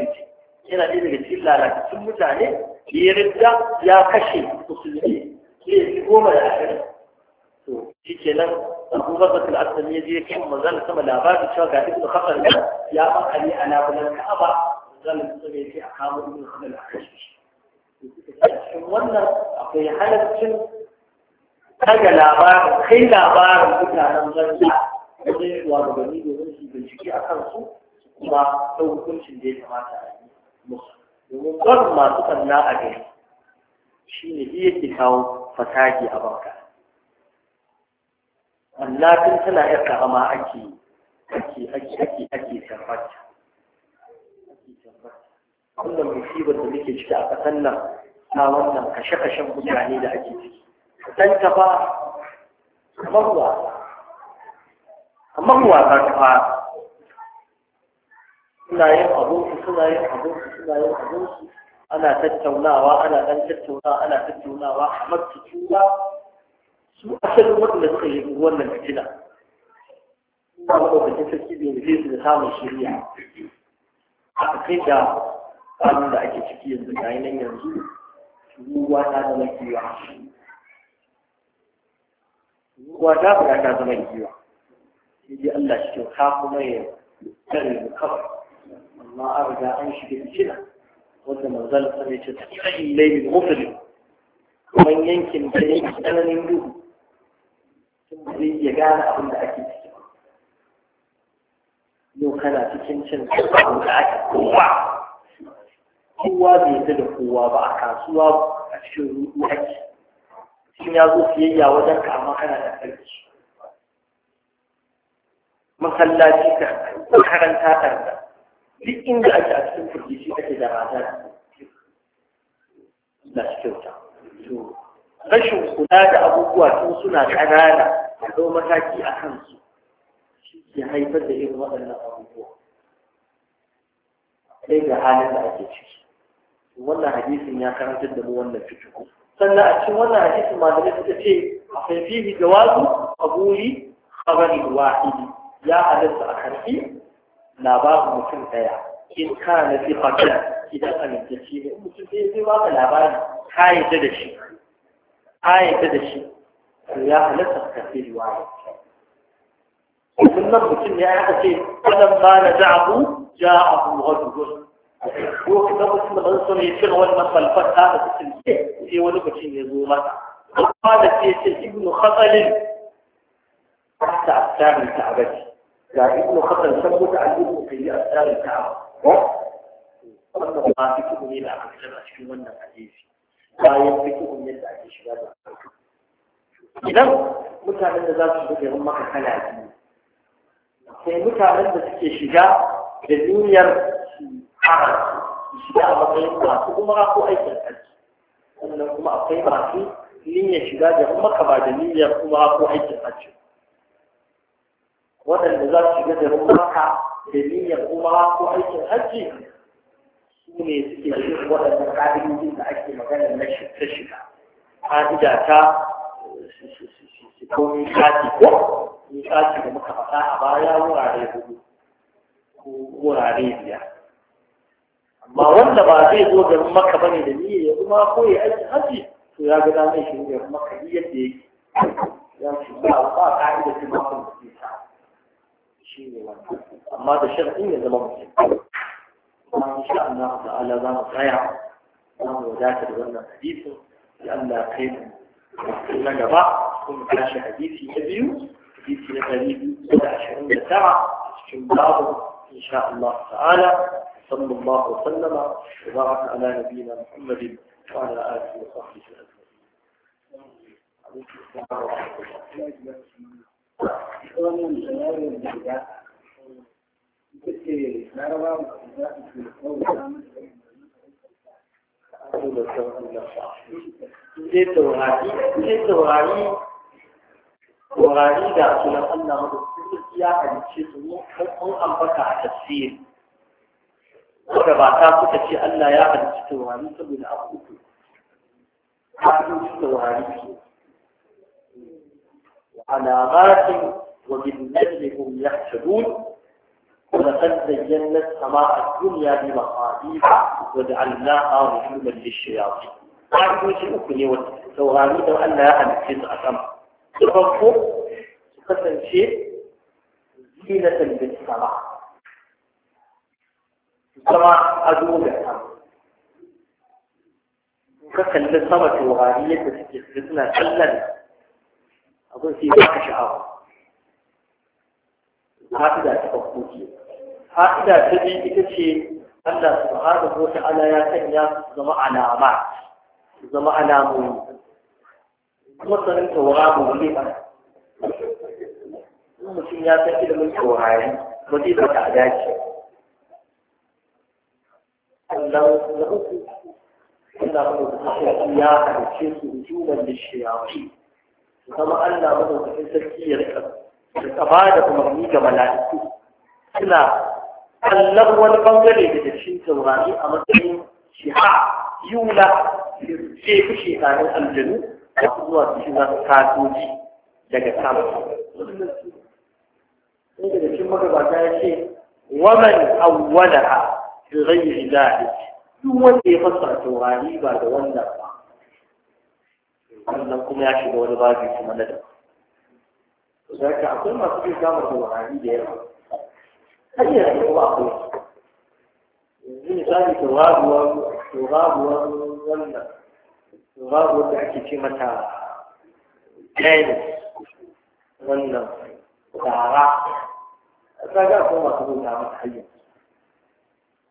yana ɗaya daga cikin lalatattun mutane da ya rinda ya kashe musulmi ke goma da ashirin to shi ke nan abubakar al'adun ya je kan manzan sama labarin cewa ga ibn khafar nan ya bakale a labulan ka'aba manzan sama ya ce a kamo ibn khafar a kashe shi cikin wannan akwai halaccin daga labarin kai labarin mutanen zanza wajen shugabanni domin su bincike a kansu su kuma ta hukuncin da ya kamata a yi musu domin barin masu sanna a gari shi ne iya ke kawo fasaki a banka tun tana yar karama ake ake ake ake ake wannan musibar da muke ciki a ƙasan nan ta wannan kashe-kashen mutane da ake ciki dan ta fa kamar wasa kamar wasa ta suna yin abinsu suna yin suna yin ana tattaunawa ana dan tattaunawa ana tattaunawa a su su asalin waɗanda suka yi wannan fitina ba maɗaukacin sarki bai nufi su da samun shirya aka kai da kwanan da ake ciki yanzu ga yi nan yanzu ruwa ta zama kiwa ruwa ta fara ta zama kiwa sai dai Allah shi kyauta kuma ya tare mu kawai amma an riga an shiga fitina wanda manzon sai ya ce ta ilai muflim kuma yankin da yake tsananin duhu zai iya gane abin da ake ciki yau kana cikin cin abin da ake kowa kowa bai yadda da kowa ba a kasuwa a cikin rudu ake sun ya zo siyayya wajen ka amma kana da sarki masallaci ka karanta tarda duk inda ake a cikin firgici ake da rana na shi kyauta rashin kula da abubuwa sun suna ƙanana a ɗau mataki a kansu shi ke haifar da irin waɗannan abubuwa sai ga halin da ake ciki wannan hadisin ya karantar da mu wannan fituku sannan a cikin wannan hadisin malamai suka ce a fihi jawazu qabuli khabari wahidi ya halatta a karfi labarin mutum ɗaya, in na fi fatan idan amintacce ne mutum zai ba ka labarin ka yi da shi آية تدشي الله لسخ في الواية ومن نظر كل آية تدشي قدم بان جعبو جاءه غدو وكتب اسم الغنصر يتغوى المصال فتاة اسم في ونبت يزورا وقال سيس ابن خطل تحت أستان تعبت لا ابن خطل سبت عن ابن في أستان تعبت وقال الله يكون إلى أكثر أشكوا النفسي bayan fikihun yadda ake shiga da idan mutanen da za su shiga garin maka kala biyu sai mutanen da suke shiga da duniyar haram su shiga a matsayin masu kuma ko aikin hajji wannan kuma akwai masu niyyar shiga da garin maka ba da niyyar kuma ko aikin hajji waɗanda za su shiga da garin maka da niyyar kuma ko aikin hajji su ne suke cikin waɗannan ƙa'idojin da ake magana na ta shiga ƙa'ida ta ko miƙati ko miƙati da muka faɗa a baya wurare hudu ko wurare biyar amma wanda ba zai zo garin maka bane da niyyar ya kuma ko ya aiki haji to ya ga dama shi ne kuma ka yi yadda yake ya ce ba ba ka'ida ta makon da zai sa shi ne wannan amma da shar'in ya zama mutum إن شاء الله تعالى ظن غير أنه ذاك الغنى حديث لأن لا قيم لك بعض كم كاش حديثي نبي حديثي نبي ساعة سبعة جمله إن شاء الله تعالى صلى الله وسلم وبارك على نبينا محمد وعلى آله وصحبه أجمعين. عليكم sai taurari sai taurari taurari da sunan Allah madaukakin ya halice su mun ambata a tafsiri wanda ba ta suka ce Allah ya halice taurari saboda abu uku kafin taurari ke alamatin wa bin najmi hum yahtadun ولقد زينا السماء الدنيا بمصابيح وجعلناها رجوما للشياطين قاعد شيء أكني والتوراني لو ان أنفس أسم تفكر تقسم شيء زينة للسماء السماء أدولة ككل السماء التورانية تسكت لنا كلا أظن في ذاك شعار fa'ida ta farko ke fa'ida ta biyu ita ce Allah subhanahu wa ta'ala ya sanya zama alama zama alamomi kuma sanin tauraro ne ba mutum ya san ilimin taurari ba zai bata a daji Allah na uku Allah madaukakin ya halicce su juman da shi ya shayafi zama Allah madaukakin sarki ya rika da ba da umarni ga mala'iku suna kallon wani bangare da cikin taurari a matsayin shiha yula ce fi shekarun aljanu da su zuwa cikin wasu katoji daga sama sai da cikin magabata ya ce waman awwalaha bi ghairi zalik duk wanda ya fasa taurari ba da wannan ba wannan kuma ya shiga wani babu kuma na daban zaka akwai masu bin kama taurari da yawa har yanzu kuma akwai yanzu misali tauraruwar tauraruwar wannan tauraruwar da ake ce mata tennis wannan tara kaga akwai masu bin kama har yanzu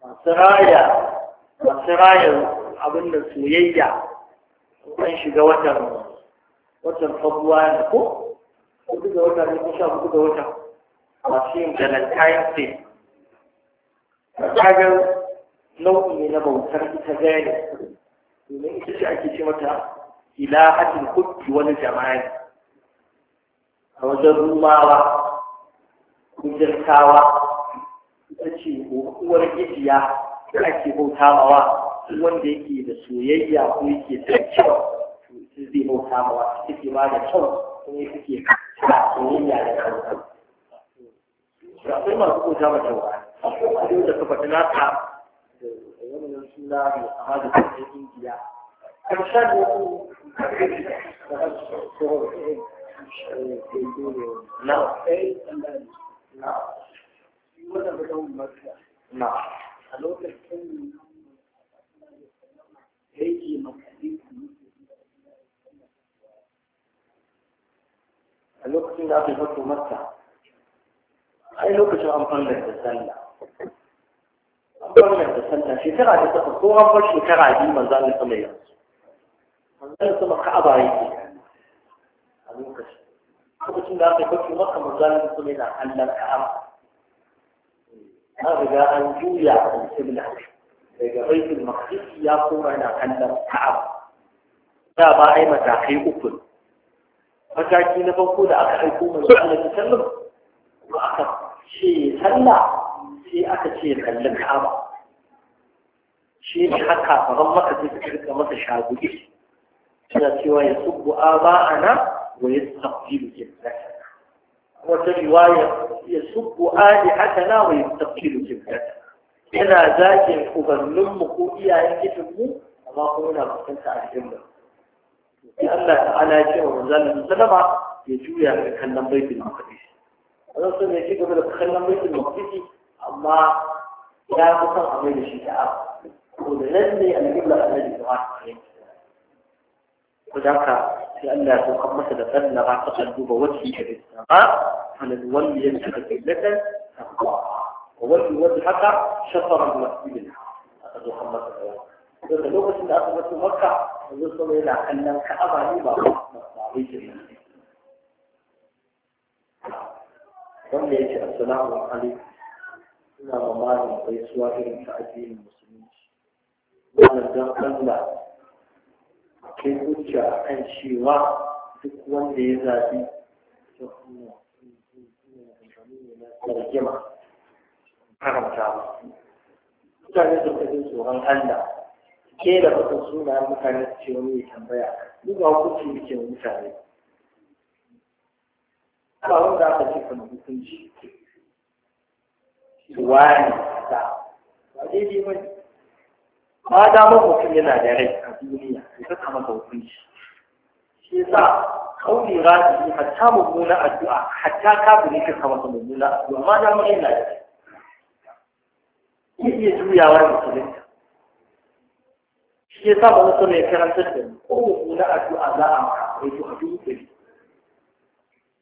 masu raya masu raya abin da soyayya an shiga watan watan fabuwa ko hudu ga wata ne ko sha hudu ga wata masu yin valentine's day kagar nau'i ne na bautar ita gani, domin ita ce ake ce mata ilahatin hukki wani jama'i a wajen rumawa kujirtawa ita ce uwar gijiya da ake bauta mawa wanda yake da soyayya ko yake da kyau to ita zai bauta mawa ita ke ba da kyau kuma ita ke suna soyayya da kansu da da suka suna mai kama da kuɗin na الوقت اللي قبل فتح مكة أي لوكس أم قلنا تسلى أم قلنا تسلى في كرة تتفقوا أم قلش في كرة دي من ذلك الصمية من ذلك الصمية كأضع يجي الوقت الوقت اللي قبل فتح مكة من ذلك الصمية أن الكعب أرجى أن جوية أن سبنا إذا غيث المخصيص يقول أن الكعب تابعي متاخي أفضل mataki na farko da aka aiko mai sallar na sallar kuma aka ce sallah sai aka ce kallon kaba shi ne haka faran maka sai ka rika masa shaguri suna cewa ya subbu aba'ana wa ya tsabbilu jannata wata riwaya ya subbu ali na wa ya tsabbilu jannata yana zagin ubanninmu ko iyayen mu amma kuma na fuskanta a jirgin mu sai Allah ta'ala ya ce wa manzalin sallama ya juya ga kallon baitul maqdis wannan sun ne shi gaba da kallon baitul maqdis amma ya fi son a mai da shi ta'a ko da nan ne alƙiblar annabi da wata ta yanki ko da haka sai Allah ya saukar masa da tsanna ba ta kalluba wacce ke da sama falan wani ya ta kallatan takwa wa wani wani haka shafarar masjidin aka zo kan masa da wata daga lokacin da aka fito makka yanzu sama yana kallon ka'aba ne ba ba wai kenan wanda yake assalamu alaikum ina ma malam gaisuwa irin ta addinin musulunci wannan don Allah kai hujja kan cewa duk wanda ya zabi to Allah tarjima haramta mutane sun kaji tsoron Allah ke da fasin suna mutane su ce wani ya tambaya ni ba hukunci ne ke mutane ba za ka ce kama hukunci wani da ba daidai wani ma damar mutum yana da rai a duniya ya saka masa hukunci shi yasa kauli rati hatta mummuna addu'a hatta ne ka kama masa mummuna addu'a ma damar yana da rai iya juyawa da musulunci shi yasa ba wasu mai karantar da ko mu na addu'a za a mara sai to addu'a ce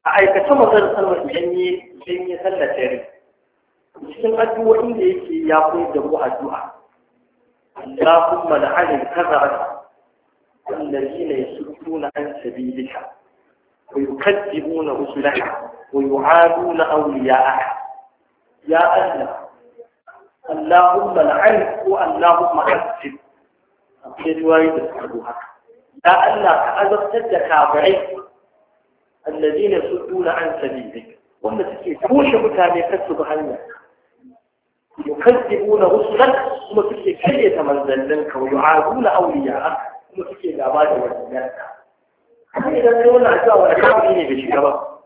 a aikace mazan sallar idan yi idan yi sallar dare cikin addu'o'in da yake ya koyar da mu addu'a Allahumma la'anin kazara الذين يسدون عن سبيلك ويكذبون رسلك ويعادون أولياءك يا الله اللهم لعنك اللهم عذب أمشيت وايد أبوها لألا كأذب سد كابعي الذين يسؤون عن سبيلك وما تكيب كوش متاني كتب هلنا يكذبون رسلك وما تكيب كي يتمنزل لنك ويعادون أولياء وما تكيب لأباد والدنياتك هل إذا تقولنا أجواء والأكابين بشكرة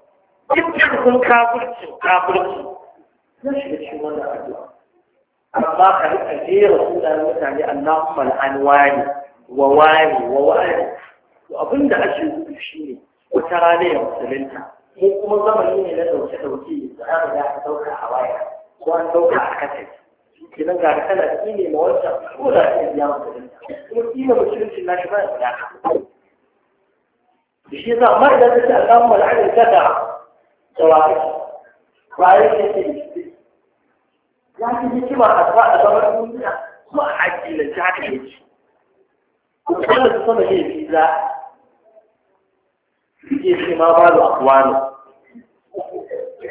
يمكنكم كابلتهم كابلتهم ليش يتشمون أجواء amma ka rika jera sunayen mutane Allahumma al'anwani wa wani wa wani to abin da ake gudu shine wata rana ya musulunta ko kuma zamani ne na dauke dauke da aka da aka dauka a waya ko an dauka a kasai idan ga kana ne ma wancan ko da ya biya musulunta kuma kima musulunci na shi ba ya da shi yasa amma idan kace Allahumma al'anwani kada da wa kake ba yake ya fi hikima a zuwa a zaman duniya ko a hakilance haka yake wanda su sama yin biza suke shi ma ba da akwano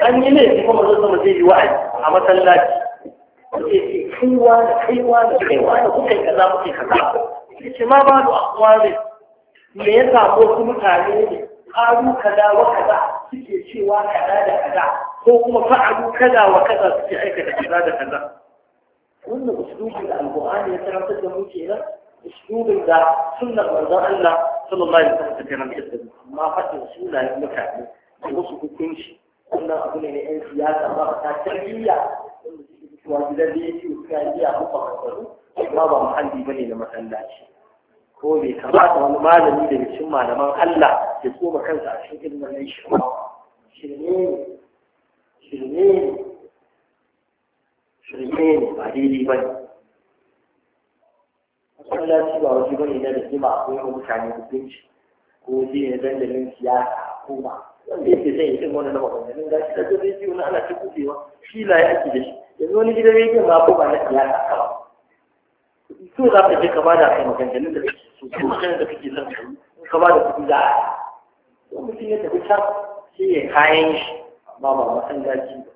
an yi ne kuma mazo sama zai yi wa'azi a masallaci suke ce kaiwa eh, da kaiwa da kaiwa da kuka yi kaza kuka kaza suke ce ma ba da akwano me ya samu wasu mutane ne ƙaru kaza wa kaza suke cewa kaza da kaza هم فعلوا كذا وكذا في حيث العبادة كذا كل اسلوب القران يترى تقدموا الى اسلوب ذا سنه رضا الله صلى الله عليه وسلم في مسجد ما فات اسلوب لا يملك يوصف كل شيء كنا اقول ان اي سياسه بقت تربيه والذي في الكاليه هو فقط بابا محلي بني لما تلاشي ko bai kamata wani malami da cin malaman Allah ya koma kansa a cikin ilmin nan shi ba shi ne shirme ne shirme ne ba daidai ba ne masallaci ba wasu bane na ba a koyar mutane hukunci ko zai ne dandalin siyasa a koma wanda yake zai yi wani na maganganun gashi da zai rediyo na ana ta kudewa shi ake da shi yanzu wani gidan rediyo ma ko ba na siyasa kawai so za ka je ka ba da kai maganganun da kake so ko maganganun da kake son ka yi ka ba da kuɗi za a yi mutum ya tafi can sai ya kayan shi ba ba masallaci ba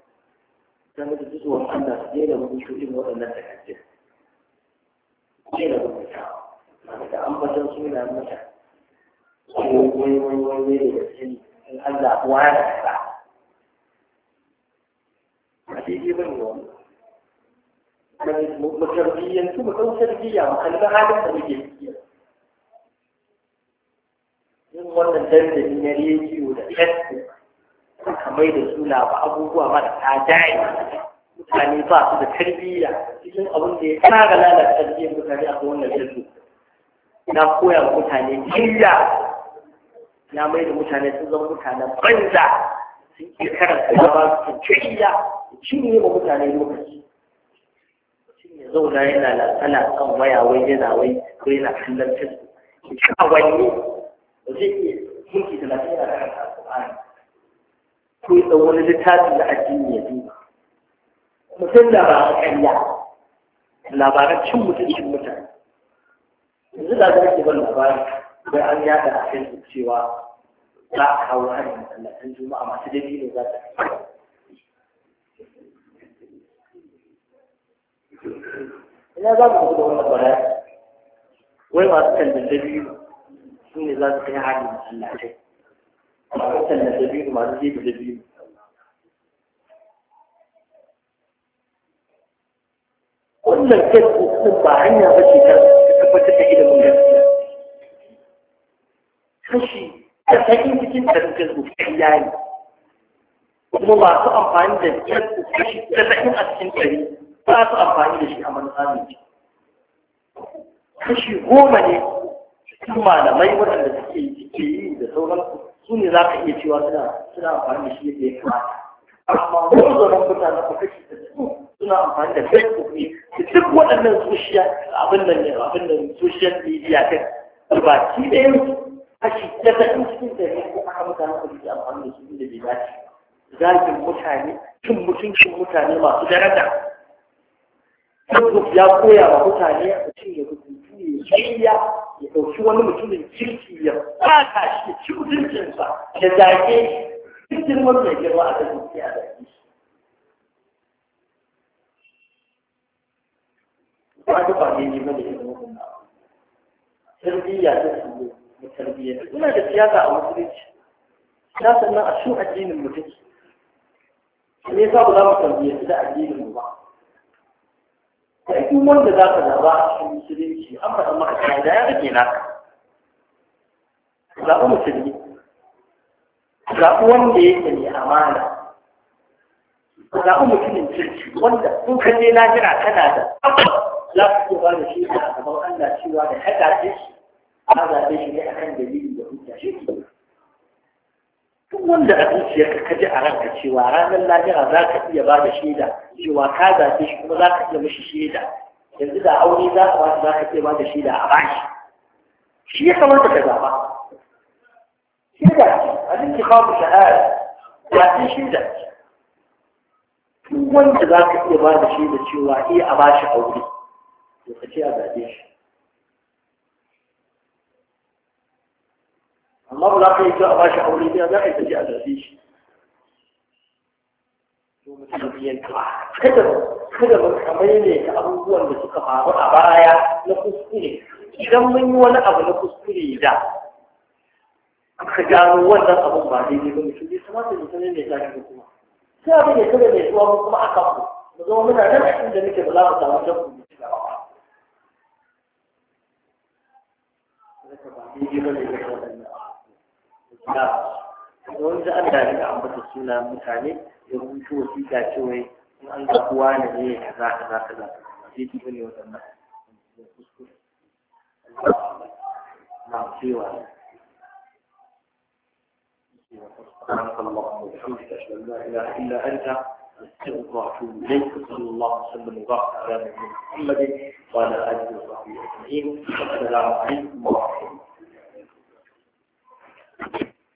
ta mutu fitowar Allah su je da rubutu irin waɗannan takardun je da rubuta da ambatan suna mata wai wai wai ne da sani in Allah kuwa ya ba a daidai ban yi wani mu tarbiyyantu mu ɗau tarbiyya mu kalli halin da muke ciki yin wannan dandali na rediyo da facebook suka mai da su na ba abubuwa marasa daɗi mutane ba su da tarbiyya cikin abin da ya ga lalata tarbiyyar mutane a kowane jirgin na koya wa mutane jiya na mai da mutane sun zama mutanen banza sun ke karanta ya ba su cin yi wa mutane lokaci ya zauna yana latsana kan waya wai yana wai ko yana kallon facebook ya ci awanni ba zai iya minti talatin yana karanta alƙur'ani في أول الثالث العجيني مثل لا بارك لا لا بارك شو مثل شو مثل مثل هذا كتب المبارك بأن يأتى أحسن أكسوا لا أحاول أن يمثل أن جمع ما تدبين ذاته إلا ذاته كتب المبارك وين ما تتكلم الدبين من ذاته عالم الله شيء وحسن الدبير مع الجيب الدبير wannan kasbu din ba hanya ba ce ta tabbatar da ilimin gaskiya kashi ta sakin cikin ɗarin kasbu ƙarya ne kuma masu amfani da kasbu kashi ta sakin a cikin ɗari ba su amfani da shi a manufan kashi goma ne cikin malamai waɗanda suke yi da sauransu su ne za ka iya cewa suna suna amfani da shi da ya kamata amma mazoran mutanen ku kashi da su suna amfani da facebook ne da duk waɗannan social abin nan ne abin nan social media kan ba shi ɗaya kashi da ta in cikin da ne ko aka mutanen ku ke amfani da su da bai dace zagin mutane cin mutuncin mutane masu daraja Facebook ya koya wa mutane a cikin yanzu ya shirya ya ɗauki wani mutumin kirki ya fata shi ya ci mutuncinsa ya zage shi duk girman mai girma a kan mutum a zage shi. Ba ta ba ne ne ba da yin wannan tarbiyya ta tsoro na tarbiyya. Ina da siyasa a musulunci. Ya sannan a shu addinin mutunci. Me yasa ba za mu tarbiyyar da addinin mu ba? Sai duk wanda za ka zaba a cikin musulunci amma faɗa maka da ya rage naka zaɓi musulmi zaɓi wanda yake mai amana zaɓi mutumin kirki wanda in ka je jira kana da za ku iya ba da shi a gaban Allah cewa da haɗa shi ana zaɓe shi ne a kan dalili da hujja shi ke duk wanda a zuciyarka ka ji a ranka cewa ranar lahira za ka iya ba da shaida cewa ka zaɓe shi kuma za ka iya mashi shaida yanzu da aure za ka wata za ka ce ba da shi da a bashi shi ya kamata ka zaba shida abin ki kawo shahara ya ce shida duk wanda za ka iya ba da shi da cewa iya a bashi aure to ka ce a zaɓe shi amma ba za ka yi a bashi aure ba za ka yi tafi a zaɓe shi to mutum yanka kada kada mu kamai ne abubuwan da suka faru a baya na kuskure idan mun yi wani abu na kuskure da aka gano wannan abun ba daidai ba mutum bai kamata mu sanin ne zaki ba kuma sai abin ya kada mai tuwa kuma aka ku mu zama muna nan a inda muke ba za mu samu jan kuma ci gaba ba daidai ba ne ga waɗannan da wani da ambata suna mutane ya rubuta wasiƙa cewa in an ga kuwa ne ne eh, ya za ka za ka za ka sai ki gani waɗannan na cewa سبحانك اللهم وبحمدك اشهد ان لا اله الا انت استغفرك واتوب اليك صلى الله وسلم وبارك على نبينا محمد وعلى اله وصحبه اجمعين السلام عليكم ورحمه الله